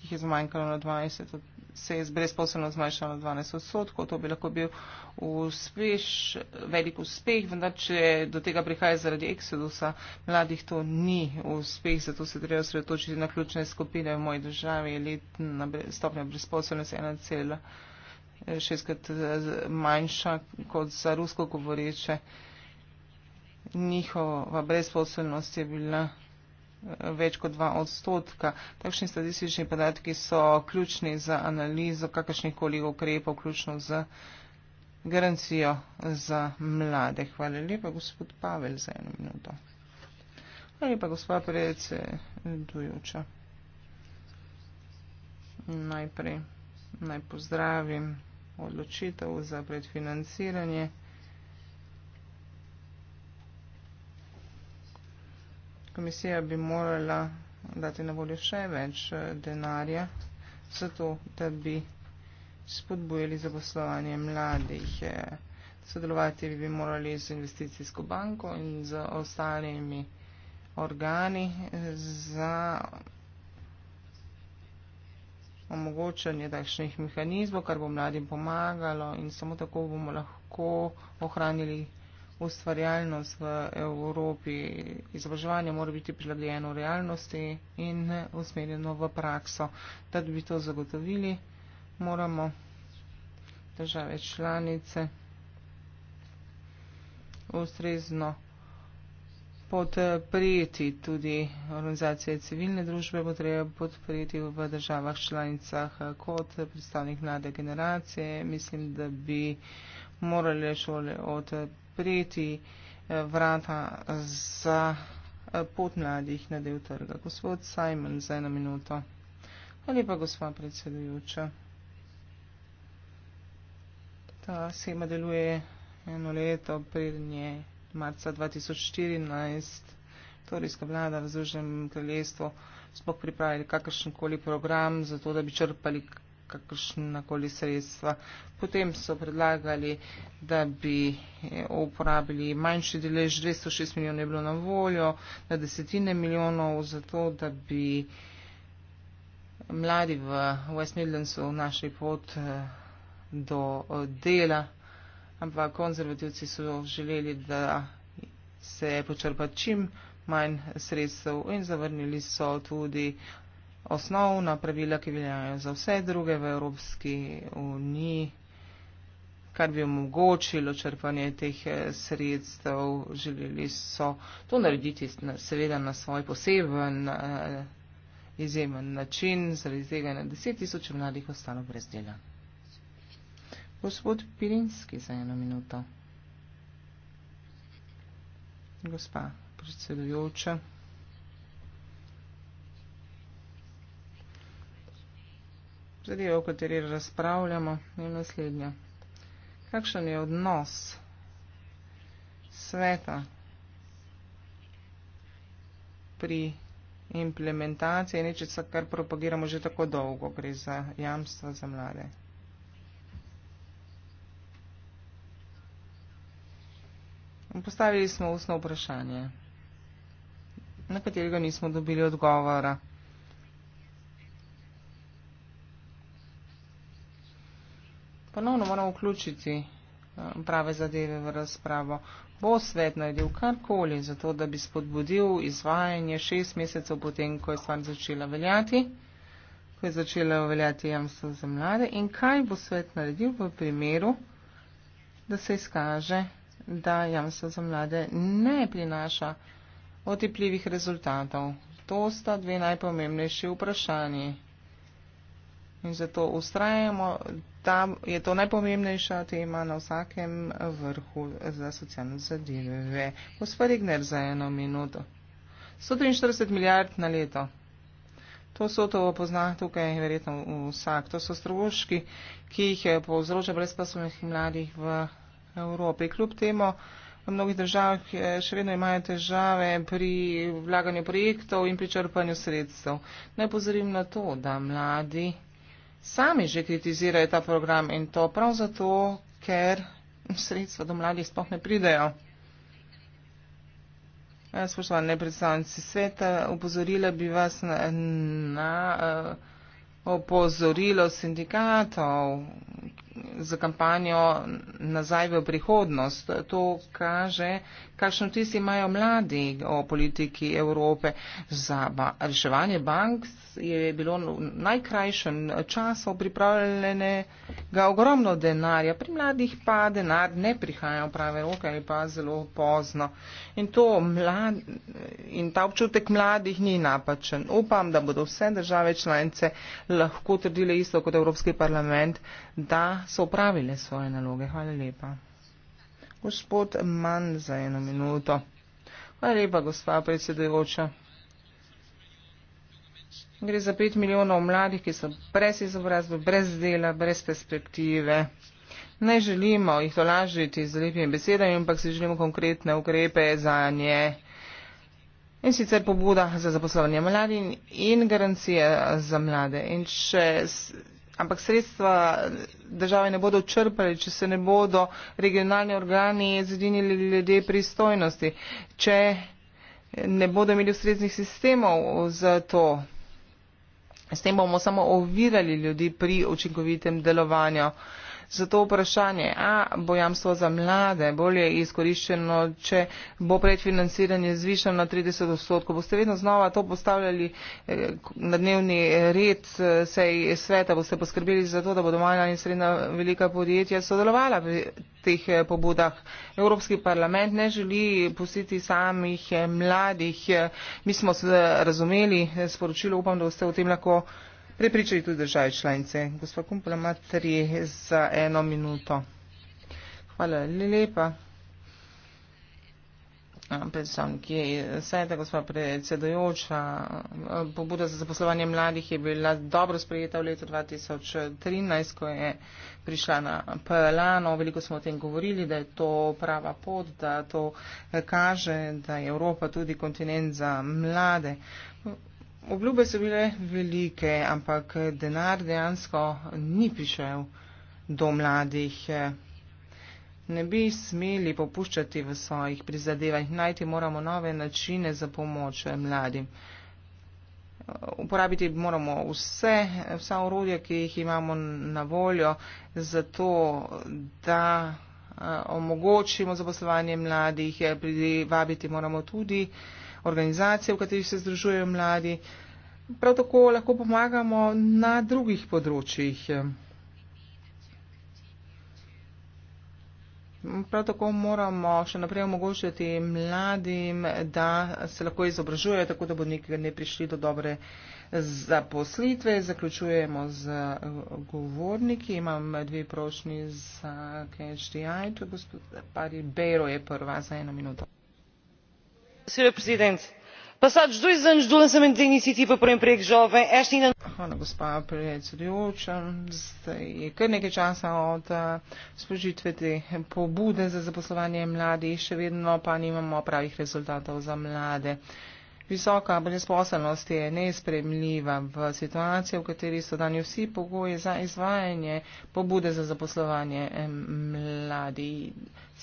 jih je zmanjkalo na 20 odstotkov se je brezposelno zmanjšalo na 12 odstotkov. To bi lahko bil uspeš, velik uspeh, vendar če do tega prihaja zaradi eksodusa mladih, to ni uspeh, zato se treba osredotočiti na ključne skupine. V moji državi je letna stopnja brezposelnosti 1,6 eh, krat eh, manjša kot za rusko govoreče. Njihova brezposelnost je bila več kot 2 odstotka. Takšni statistični podatki so ključni za analizo kakršnih koli ukrepov, ključno za garancijo za mlade. Hvala lepa, gospod Pavel, za eno minuto. Hvala lepa, gospod predsedujoča. Najprej naj pozdravim odločitev za predfinanciranje. Komisija bi morala dati na voljo še več eh, denarja, zato da bi spodbujali zaposlovanje mladih. Eh. Sodelovati bi morali z investicijsko banko in z ostalimi organi eh, za omogočanje takšnih mehanizmov, kar bo mladim pomagalo in samo tako bomo lahko ohranili ustvarjalnost v Evropi. Izobraževanje mora biti prilagojeno realnosti in usmerjeno v prakso. Da bi to zagotovili, moramo države članice ustrezno podpreti tudi organizacije civilne družbe, bo treba podpreti v državah članicah kot predstavnik mlade generacije. Mislim, da bi morali šole od odpreti eh, vrata za eh, pot mladih na del trga. Gospod Simon, za eno minuto. Hvala lepa, gospod predsedujoča. Ta sema deluje eno leto prednje marca 2014. Torijska vlada v Združenem kraljestvu smo pripravili kakršen koli program za to, da bi črpali kakršna koli sredstva. Potem so predlagali, da bi uporabili manjši delež, 206 milijonov je bilo na voljo, na desetine milijonov za to, da bi mladi v West Midlandsu našli pot eh, do eh, dela, ampak konzervativci so želeli, da se počrpa čim manj sredstev in zavrnili so tudi osnovna pravila, ki veljajo za vse druge v Evropski uniji, kar bi omogočilo črpanje teh eh, sredstev. Želeli so to narediti seveda na svoj poseben eh, izjemen način, zaradi tega je na deset tisoč mladih ostalo brez dela. Gospod Pirinski za eno minuto. Gospa predsedujoča. zadeva, o kateri razpravljamo, je naslednja. Kakšen je odnos sveta pri implementaciji nečesa, kar propagiramo že tako dolgo, gre za jamstva za mlade? Postavili smo ustno vprašanje, na katerega nismo dobili odgovora. ponovno moramo vključiti eh, prave zadeve v razpravo. Bo svet naredil karkoli za to, da bi spodbudil izvajanje šest mesecev potem, ko je stvar začela veljati, ko je začela veljati jamstvo za mlade in kaj bo svet naredil v primeru, da se izkaže, da jamstvo za mlade ne prinaša otipljivih rezultatov. To sta dve najpomembnejši vprašanji in zato ustrajamo, da je to najpomembnejša tema na vsakem vrhu za socialne zadeve. Gospod Igner, za eno minuto. 143 milijard na leto. To so to pozna tukaj verjetno vsak. To so stroški, ki jih je povzroča brezposobnih mladih v Evropi. Kljub temu v mnogih državah eh, še vedno imajo težave pri vlaganju projektov in pri črpanju sredstev. Naj pozorim na to, da mladi sami že kritizirajo ta program in to prav zato, ker sredstva do mladih sploh ne pridejo. Ja, Spoštovane predstavnici sveta, upozorila bi vas na, na uh, opozorilo sindikatov, za kampanjo nazaj v prihodnost. To kaže, kakšno tis imajo mladi o politiki Evrope za ba reševanje bank. Je bilo v najkrajšem času pripravljenega ogromno denarja. Pri mladih pa denar ne prihaja v prave roke ali pa zelo pozno. In, mlad, in ta občutek mladih ni napačen. Upam, da bodo vse države članice lahko trdile isto kot Evropski parlament, da so upravile svoje naloge. Hvala lepa. Gospod Mann za eno minuto. Hvala lepa, gospa predsedujoča. Gre za pet milijonov mladih, ki so brez izobrazbe, brez dela, brez perspektive. Ne želimo jih tolažiti z lepimi besedami, ampak si želimo konkretne ukrepe za nje. In sicer pobuda za zaposlovanje mladih in garancije za mlade. In če ampak sredstva države ne bodo črpali, če se ne bodo regionalni organi zedinili glede pristojnosti, če ne bodo imeli ustreznih sistemov za to. S tem bomo samo ovirali ljudi pri učinkovitem delovanju. Zato vprašanje, a bo jamstvo za mlade bolje izkoriščeno, če bo predfinanciranje zvišeno na 30 odstotkov. Boste vedno znova to postavljali eh, na dnevni red eh, sej sveta, boste poskrbeli za to, da bodo manjna in srednja velika podjetja sodelovala pri teh eh, pobudah. Evropski parlament ne želi pustiti samih mladih. Mi smo se razumeli sporočilo, upam, da boste v tem lahko. Prepričali tudi države članice. Gospa Kumpola, ima tri za eno minuto. Hvala lepa. Predstavniki sveta, gospa predsedojoča, pobuda za zaposlovanje mladih je bila dobro sprejeta v letu 2013, ko je prišla na PLN. Veliko smo o tem govorili, da je to prava pot, da to kaže, da je Evropa tudi kontinent za mlade. Uh, Obljube so bile velike, ampak denar dejansko ni prišel do mladih. Ne bi smeli popuščati v svojih prizadevanjih, najti moramo nove načine za pomoč mladim. Uporabiti moramo vse, vsa orodja, ki jih imamo na voljo, zato da eh, omogočimo zaposlovanje mladih, privabiti moramo tudi uh, organizacije, v katerih se združujejo mladi. Prav tako lahko pomagamo na drugih področjih. Prav tako moramo še naprej omogočiti mladim, da se lahko izobražujejo, tako da bo nekaj ne prišli do dobre zaposlitve. Zaključujemo z eh, govorniki. Imam eh, dve prošnji za KHDI. Pari Bero je prva za eno minuto senhora presidente passados dois anos do lançamento da iniciativa para o emprego jovem esta ainda Hvala, gospa predsedujoča. Zdaj je kar nekaj časa od eh, sprožitve te pobude za zaposlovanje mladih, še vedno pa nimamo pravih rezultatov za mlade. Uh, Visoka brezposelnost je neizpremljiva v situaciji, v kateri so dani vsi pogoji za izvajanje pobude za zaposlovanje eh, mladi.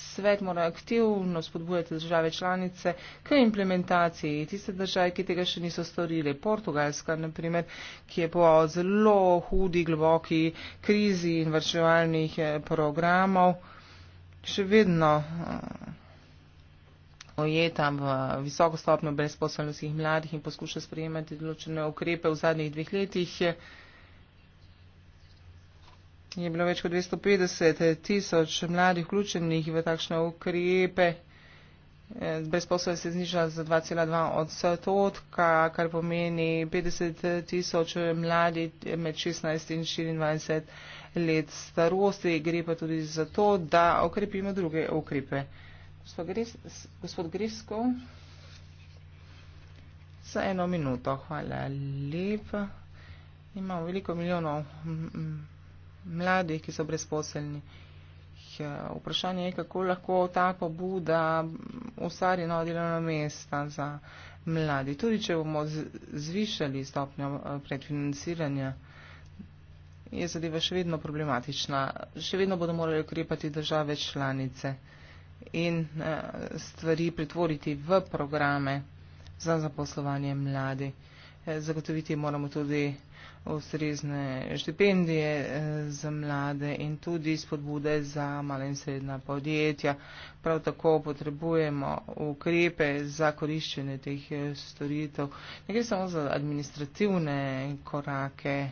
Svet mora aktivno spodbujati države članice k implementaciji tiste države, ki tega še niso storili. Portugalska, na primer, ki je po zelo hudi, globoki krizi in vrčevalnih eh, programov, še vedno eh, ojeta v visoko stopno brezposobnosti mladih in poskuša sprejemati določene ukrepe v zadnjih dveh letih. Je bilo več kot 250 tisoč mladih vključenih v takšne ukrepe. Brezposobnost se zniža za 2,2 odstotka, kar pomeni 50 tisoč mladi med 16 in 24 let starosti. Gre pa tudi za to, da okrepimo druge ukrepe gospod Grisko. Za eno minuto, hvala lepa. Imamo veliko milijonov mladih, ki so brezposelni. Vprašanje je, kako lahko ta pobuda ustvari nova delovna mesta za mladi. Tudi, če bomo zvišali stopnjo eh, predfinanciranja, je zadeva še vedno problematična. Še vedno bodo morali ukrepati države članice in eh, stvari pretvoriti v programe za zaposlovanje mladi. Eh, zagotoviti moramo tudi ustrezne štipendije eh, za mlade in tudi spodbude za male in srednja podjetja. Prav tako potrebujemo ukrepe za koriščenje teh storitev. Ne gre samo za administrativne korake,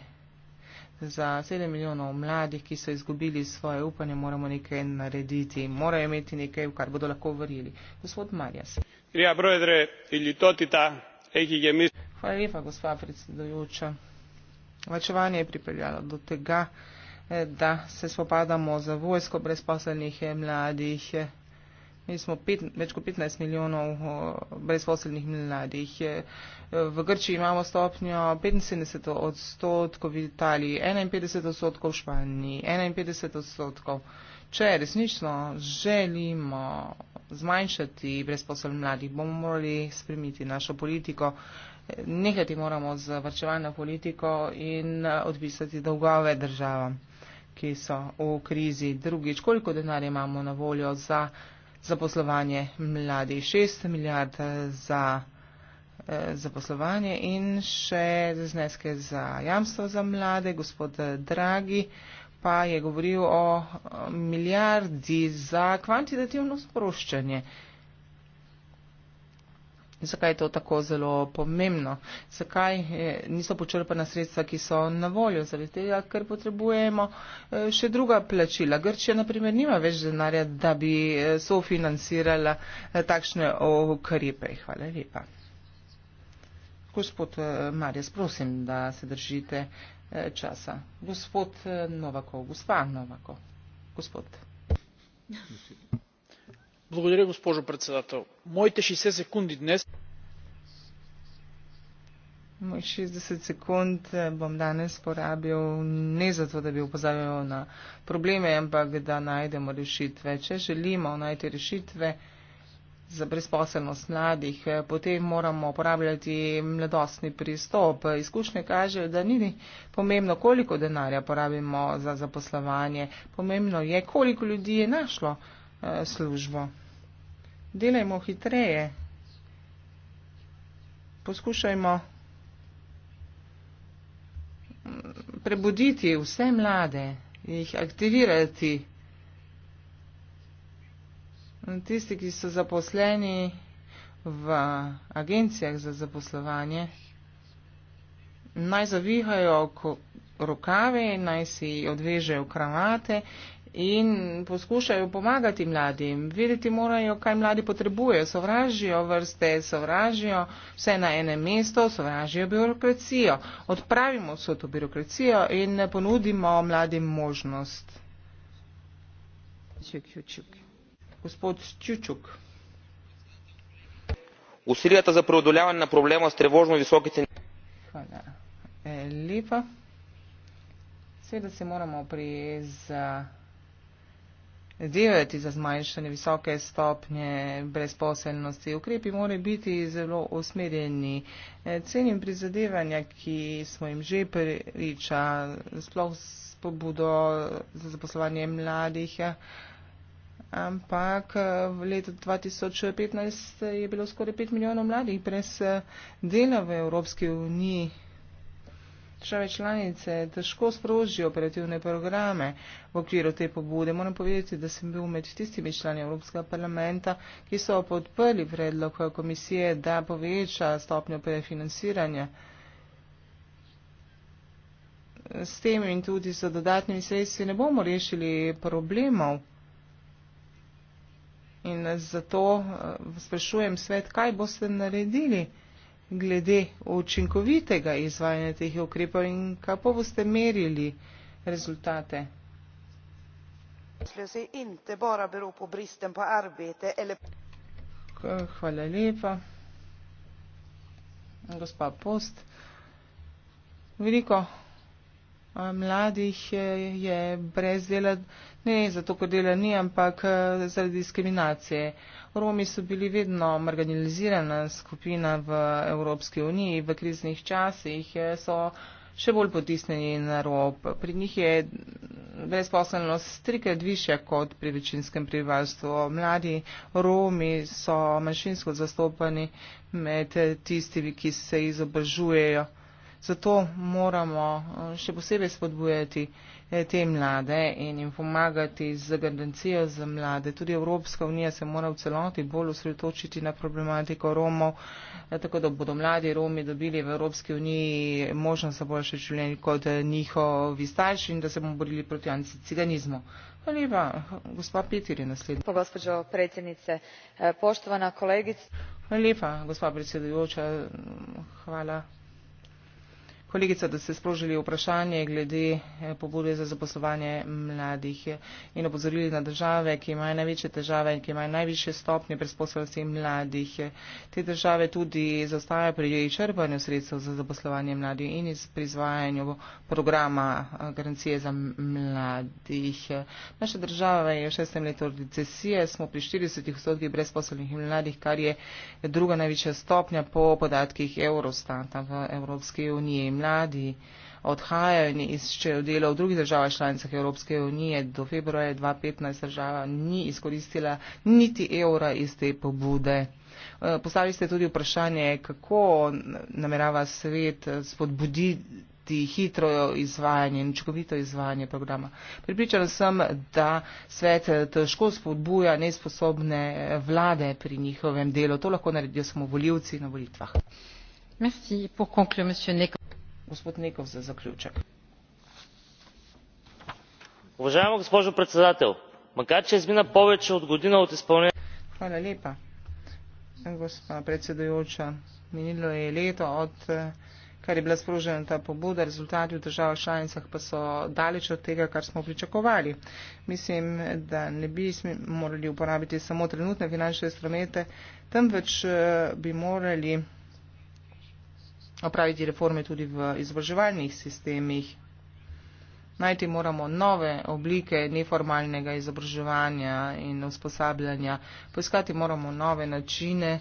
za 7 milijonov mladih, ki so izgubili svoje upanje, moramo nekaj narediti. Morajo imeti nekaj, v kar bodo lahko verjeli. Gospod Marjas. Ja, Hvala lepa, gospa predsedujoča. Vlačevanje je pripeljalo do tega, eh, da se spopadamo za vojsko brezposelnih eh, mladih. Eh, Mi smo pet, več kot 15 milijonov eh, brezposelnih mladih. Eh, v Grčiji imamo stopnjo 75 odstotkov, v Italiji 51 odstotkov, v Španiji 51 odstotkov. Če resnično želimo zmanjšati brezposel mladih, bomo morali spremiti našo politiko. Nehati moramo z vrčevalno politiko in eh, odpisati dolgove državam, ki so v krizi. Drugič, koliko denarja imamo na voljo za zaposlovanje mladih, 6 milijard za eh, zaposlovanje in še zneske za jamstvo za mlade. Gospod Dragi pa je govoril o milijardi za kvantitativno sproščanje. Zakaj je to tako zelo pomembno? Zakaj eh, niso počrpana sredstva, ki so na voljo? Zaradi tega, ker potrebujemo eh, še druga plačila. Grčija, na primer, nima več denarja, da bi eh, sofinancirala takšne okrepe. Hvala lepa. Gospod Marjas, prosim, da se držite časa. Gospod Novako, gospa Novako, gospod. Благодаря, госпожо председател. Моите 60 секунди днес. Moj 60 sekund eh, bom danes porabil ne zato, da bi upozoril na probleme, ampak da najdemo rešitve. Če želimo najti rešitve za brezposelnost mladih, eh, potem moramo uporabljati mladostni pristop. Izkušnje kažejo, da ni pomembno, koliko denarja porabimo za zaposlovanje. Pomembno je, koliko ljudi je našlo eh, službo. Delajmo hitreje. Poskušajmo prebuditi vse mlade, jih aktivirati. Tisti, ki so zaposleni v agencijah za zaposlovanje, naj zavihajo rokave, naj si odvežejo kravate in poskušajo pomagati mladim. Videti morajo, kaj mladi potrebujejo. Sovražijo vrste, sovražijo vse na enem mestu, sovražijo birokracijo. Odpravimo vso to birokracijo in ponudimo mladim možnost. Gospod Čučuk. Usiljata za preodoljavanje problema s trevožno visoki ceni. Hvala. E, lepa. Seveda se moramo prijeti za. Uh, delati za zmanjšanje visoke stopnje brezposelnosti. Ukrepi morajo biti zelo usmerjeni. E, cenim prizadevanja, ki smo jim že priča, sploh s pobudo za zaposlovanje mladih. Ja. Ampak e, v letu 2015 je bilo skoraj 5 milijonov mladih brez e, dela v Evropski uniji države članice težko sprožijo operativne programe v okviru te pobude. Moram povedati, da sem bil med tistimi člani Evropskega parlamenta, ki so podprli predlog komisije, da poveča stopnjo prefinansiranja s tem in tudi z dodatnimi sredstvi ne bomo rešili problemov. In zato eh, sprašujem svet, kaj boste naredili glede učinkovitega izvajanja teh ukrepov in kako boste merili rezultate? Hvala lepa. Gospa Post. Veliko eh, mladih eh, je brez dela. Ne zato, ker dela ni, ampak eh, zaradi diskriminacije. Romi so bili vedno marginalizirana skupina v Evropski uniji, v kriznih časih eh, so še bolj potisnjeni na rob. Pri njih je brezposelnost trikrat više kot pri večinskem prebivalstvu. Mladi Romi so manjšinsko zastopani med eh, tistimi, ki se izobražujejo. Zato moramo še posebej spodbujati Eh, te mlade in jim pomagati z garancijo za mlade. Tudi Evropska unija se mora v celoti bolj osredotočiti na problematiko Romov, eh, tako da bodo mladi Romi dobili v Evropski uniji možnost za boljše življenje kot eh, njihovi starši in da se bomo borili proti anticiganizmu. Hvala lepa, gospa Petir je naslednja. Hvala lepa, gospođo predsednice. Poštovana kolegica. Hvala lepa, gospa predsedujoča. Hvala. Kolegica, da ste sprožili vprašanje glede eh, pobude za zaposlovanje mladih in opozorili na države, ki imajo največje težave in ki imajo najviše stopnje presposobnosti mladih. Te države tudi zastajajo pri črpanju sredstev za zaposlovanje mladih in pri izvajanju programa eh, garancije za mladih. Naša država je v šestem letu recesije, smo pri 40 odstotkih presposobnih mladih, kar je druga največja stopnja po podatkih Eurostata v Evropski uniji mladi odhajajo in iščejo delo v drugih državah članicah Evropske unije. Do februarja 2015 država ni izkoristila niti evra iz te pobude. Eh, postavili ste tudi vprašanje, kako namerava svet eh, spodbuditi hitro izvajanje in učinkovito izvajanje programa. Pripričan sem, da svet eh, težko spodbuja nesposobne vlade pri njihovem delu. To lahko naredijo samo voljivci na volitvah. Merci gospod Nekov za zaključek. Uvažajamo gospođo predsedatelj, makar če izmina več od godina od izpolnjenja. Hvala lepa, gospa predsedujoča. Minilo je leto od eh, kar je bila sprožena ta pobuda, rezultati v državah članicah pa so daleč od tega, kar smo pričakovali. Mislim, da ne bi morali uporabiti samo trenutne finančne instrumente, temveč eh, bi morali opraviti reforme tudi v izobraževalnih sistemih. Najti moramo nove oblike neformalnega izobraževanja in usposabljanja. Poiskati moramo nove načine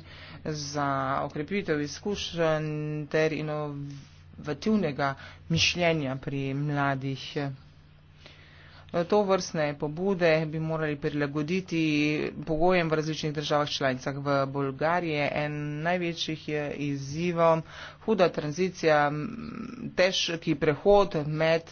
za okrepitev izkušenj ter inovativnega mišljenja pri mladih to vrstne pobude bi morali prilagoditi pogojem v različnih državah članicah. V Bolgariji en največjih je izzivom huda tranzicija, težki prehod med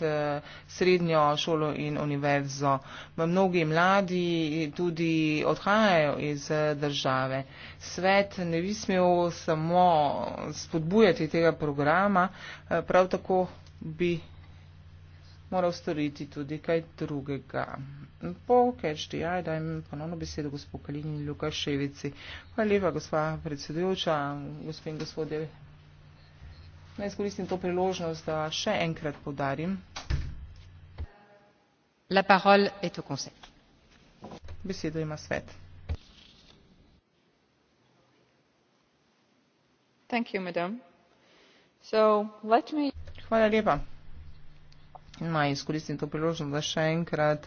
srednjo šolo in univerzo. Mnogi mladi tudi odhajajo iz države. Svet ne bi smel samo spodbujati tega programa, prav tako bi moral storiti tudi kaj drugega. Po kečti, aj dajem ponovno besedo gospod Kalini Lukaševici. Hvala lepa, gospa predsedujoča, gospod in gospode. Naj skoristim to priložnost, da še enkrat podarim. La parole est au conseil. Besedo ima svet. Thank you, madam. So, let me... Hvala lepa. Naj izkoristim to priložnost, da še enkrat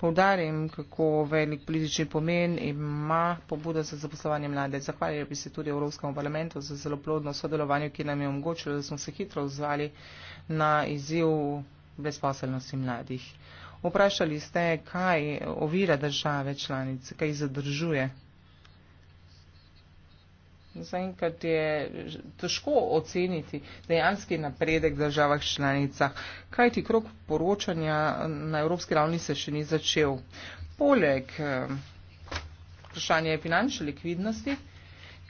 povdarim, kako velik politični pomen ima pobuda za zaposlovanje mlade. Zahvaljujem bi se tudi Evropskemu parlamentu za zelo plodno sodelovanje, ki nam je omogočilo, da smo se hitro odzvali na izziv brezposelnosti mladih. Vprašali ste, kaj ovira države članice, kaj zadržuje zaenkrat je težko oceniti dejanski napredek v državah članicah, kajti krok poročanja na evropski ravni se še ni začel. Poleg eh, vprašanja finančne likvidnosti,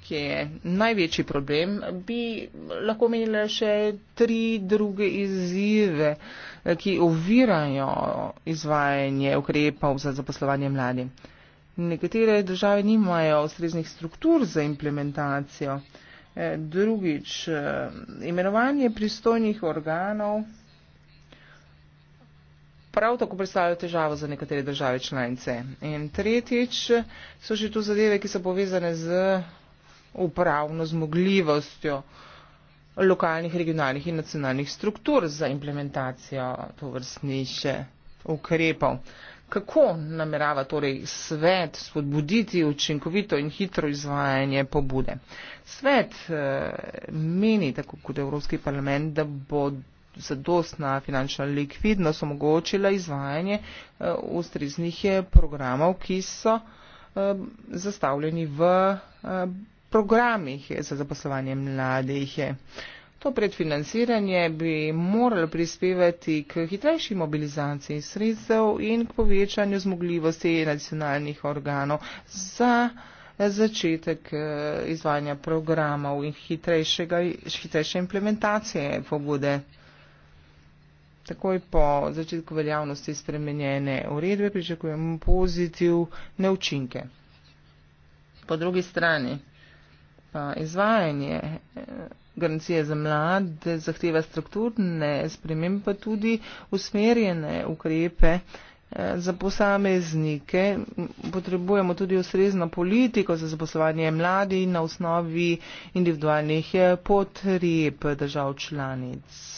ki je največji problem, bi lahko imeli še tri druge izzive, eh, ki ovirajo izvajanje ukrepov za zaposlovanje mladih. Nekatere države nimajo ustreznih struktur za implementacijo. E, drugič, e, imenovanje pristojnih organov prav tako predstavlja težavo za nekatere države članice. In tretjič, so že tu zadeve, ki so povezane z upravno zmogljivostjo lokalnih, regionalnih in nacionalnih struktur za implementacijo tovrstnih e, ukrepov. Kako namerava torej svet spodbuditi učinkovito in hitro izvajanje pobude? Svet eh, meni, tako kot Evropski parlament, da bo zadostna finančna likvidnost omogočila izvajanje eh, ustreznih eh, programov, ki so zastavljeni v programih za zaposlovanje mladih. To predfinanciranje bi moralo prispevati k hitrejši mobilizaciji sredstev in k povečanju zmogljivosti nacionalnih organov za začetek eh, izvajanja programov in hitrejše implementacije pobude. Takoj po začetku veljavnosti spremenjene uredbe pričakujemo pozitivne učinke. Po drugi strani pa izvajanje eh, garancije za mlade zahteva strukturne spremembe, pa tudi usmerjene ukrepe eh, za posameznike. Potrebujemo tudi ustrezno politiko za zaposlovanje mladih na osnovi individualnih eh, potreb držav članic.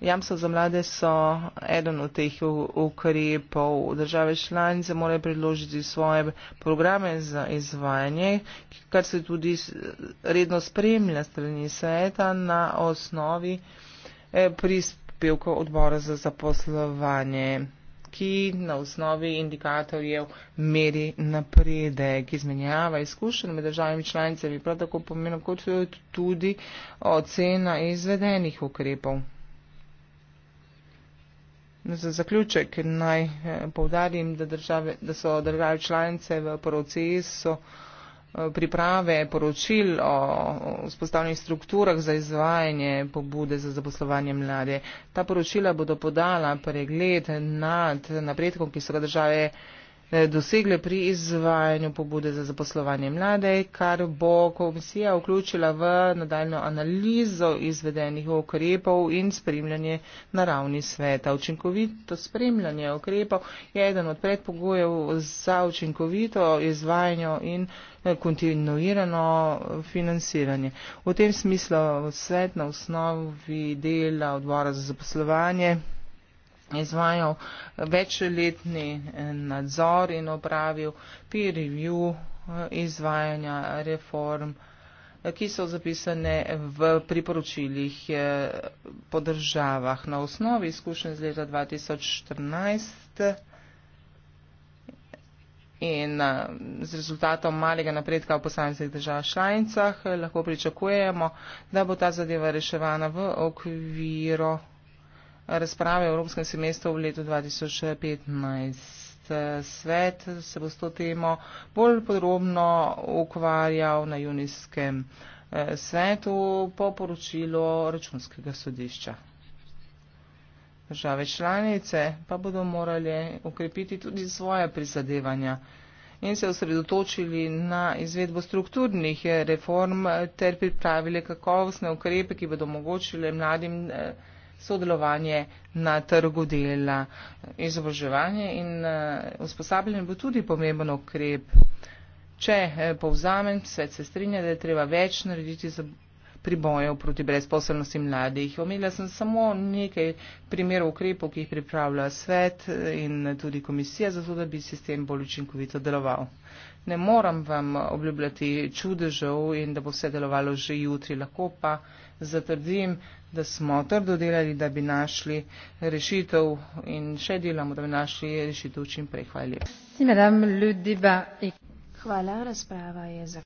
Jamstvo za mlade so eden od teh ukrepov. Države članice morajo predložiti svoje programe za izvajanje, kar se tudi redno spremlja strani sveta na osnovi e, prispevkov odbora za zaposlovanje, ki na osnovi indikatorjev meri napredek, izmenjava izkušenj med državami članicami, prav tako pomembno kot tudi ocena izvedenih ukrepov. Za zaključek naj eh, povdarim, da, države, da so države članice v procesu eh, priprave poročil o vzpostavljenih strukturah za izvajanje pobude za zaposlovanje mlade. Ta poročila bodo podala pregled nad napredkom, ki so ga države Eh, dosegle pri izvajanju pobude za zaposlovanje mlade, kar bo komisija vključila v nadaljno analizo izvedenih ukrepov in spremljanje na ravni sveta. Učinkovito spremljanje ukrepov je eden od predpogojev za učinkovito izvajanje in eh, kontinuirano financiranje. V tem smislu svet na osnovi dela odbora za zaposlovanje izvajal večletni eh, nadzor in opravil peer review eh, izvajanja reform, eh, ki so zapisane v priporočilih po državah. Na osnovi izkušenj z leta 2014 In z rezultatom malega napredka v posameznih državah šlanicah lahko pričakujemo, da bo ta zadeva reševana v okviru razprave o evropskem semestru v letu 2015. Svet se bo s to temo bolj podrobno ukvarjal na junijskem eh, svetu po poročilu računskega sodišča. Države članice pa bodo morali ukrepiti tudi svoje prizadevanja in se osredotočili na izvedbo strukturnih eh, reform ter pripravili kakovostne ukrepe, ki bodo omogočile mladim eh, sodelovanje na trgu dela, izobraževanje in eh, usposabljanje bo tudi pomemben okrep. Če eh, povzamem, svet se strinja, da je treba več narediti za pribojev proti brezposelnosti mladih. Omenila sem samo nekaj primerov ukrepov, ki jih pripravlja svet eh, in tudi komisija, zato da bi sistem bolj učinkovito deloval. Ne moram vam obljubljati čudežev in da bo vse delovalo že jutri, lahko pa zatrdim, da smo trdo delali, da bi našli rešitev in še delamo, da bi našli rešitev čim prej. Hvala lepa. Hvala, razprava je zaključena.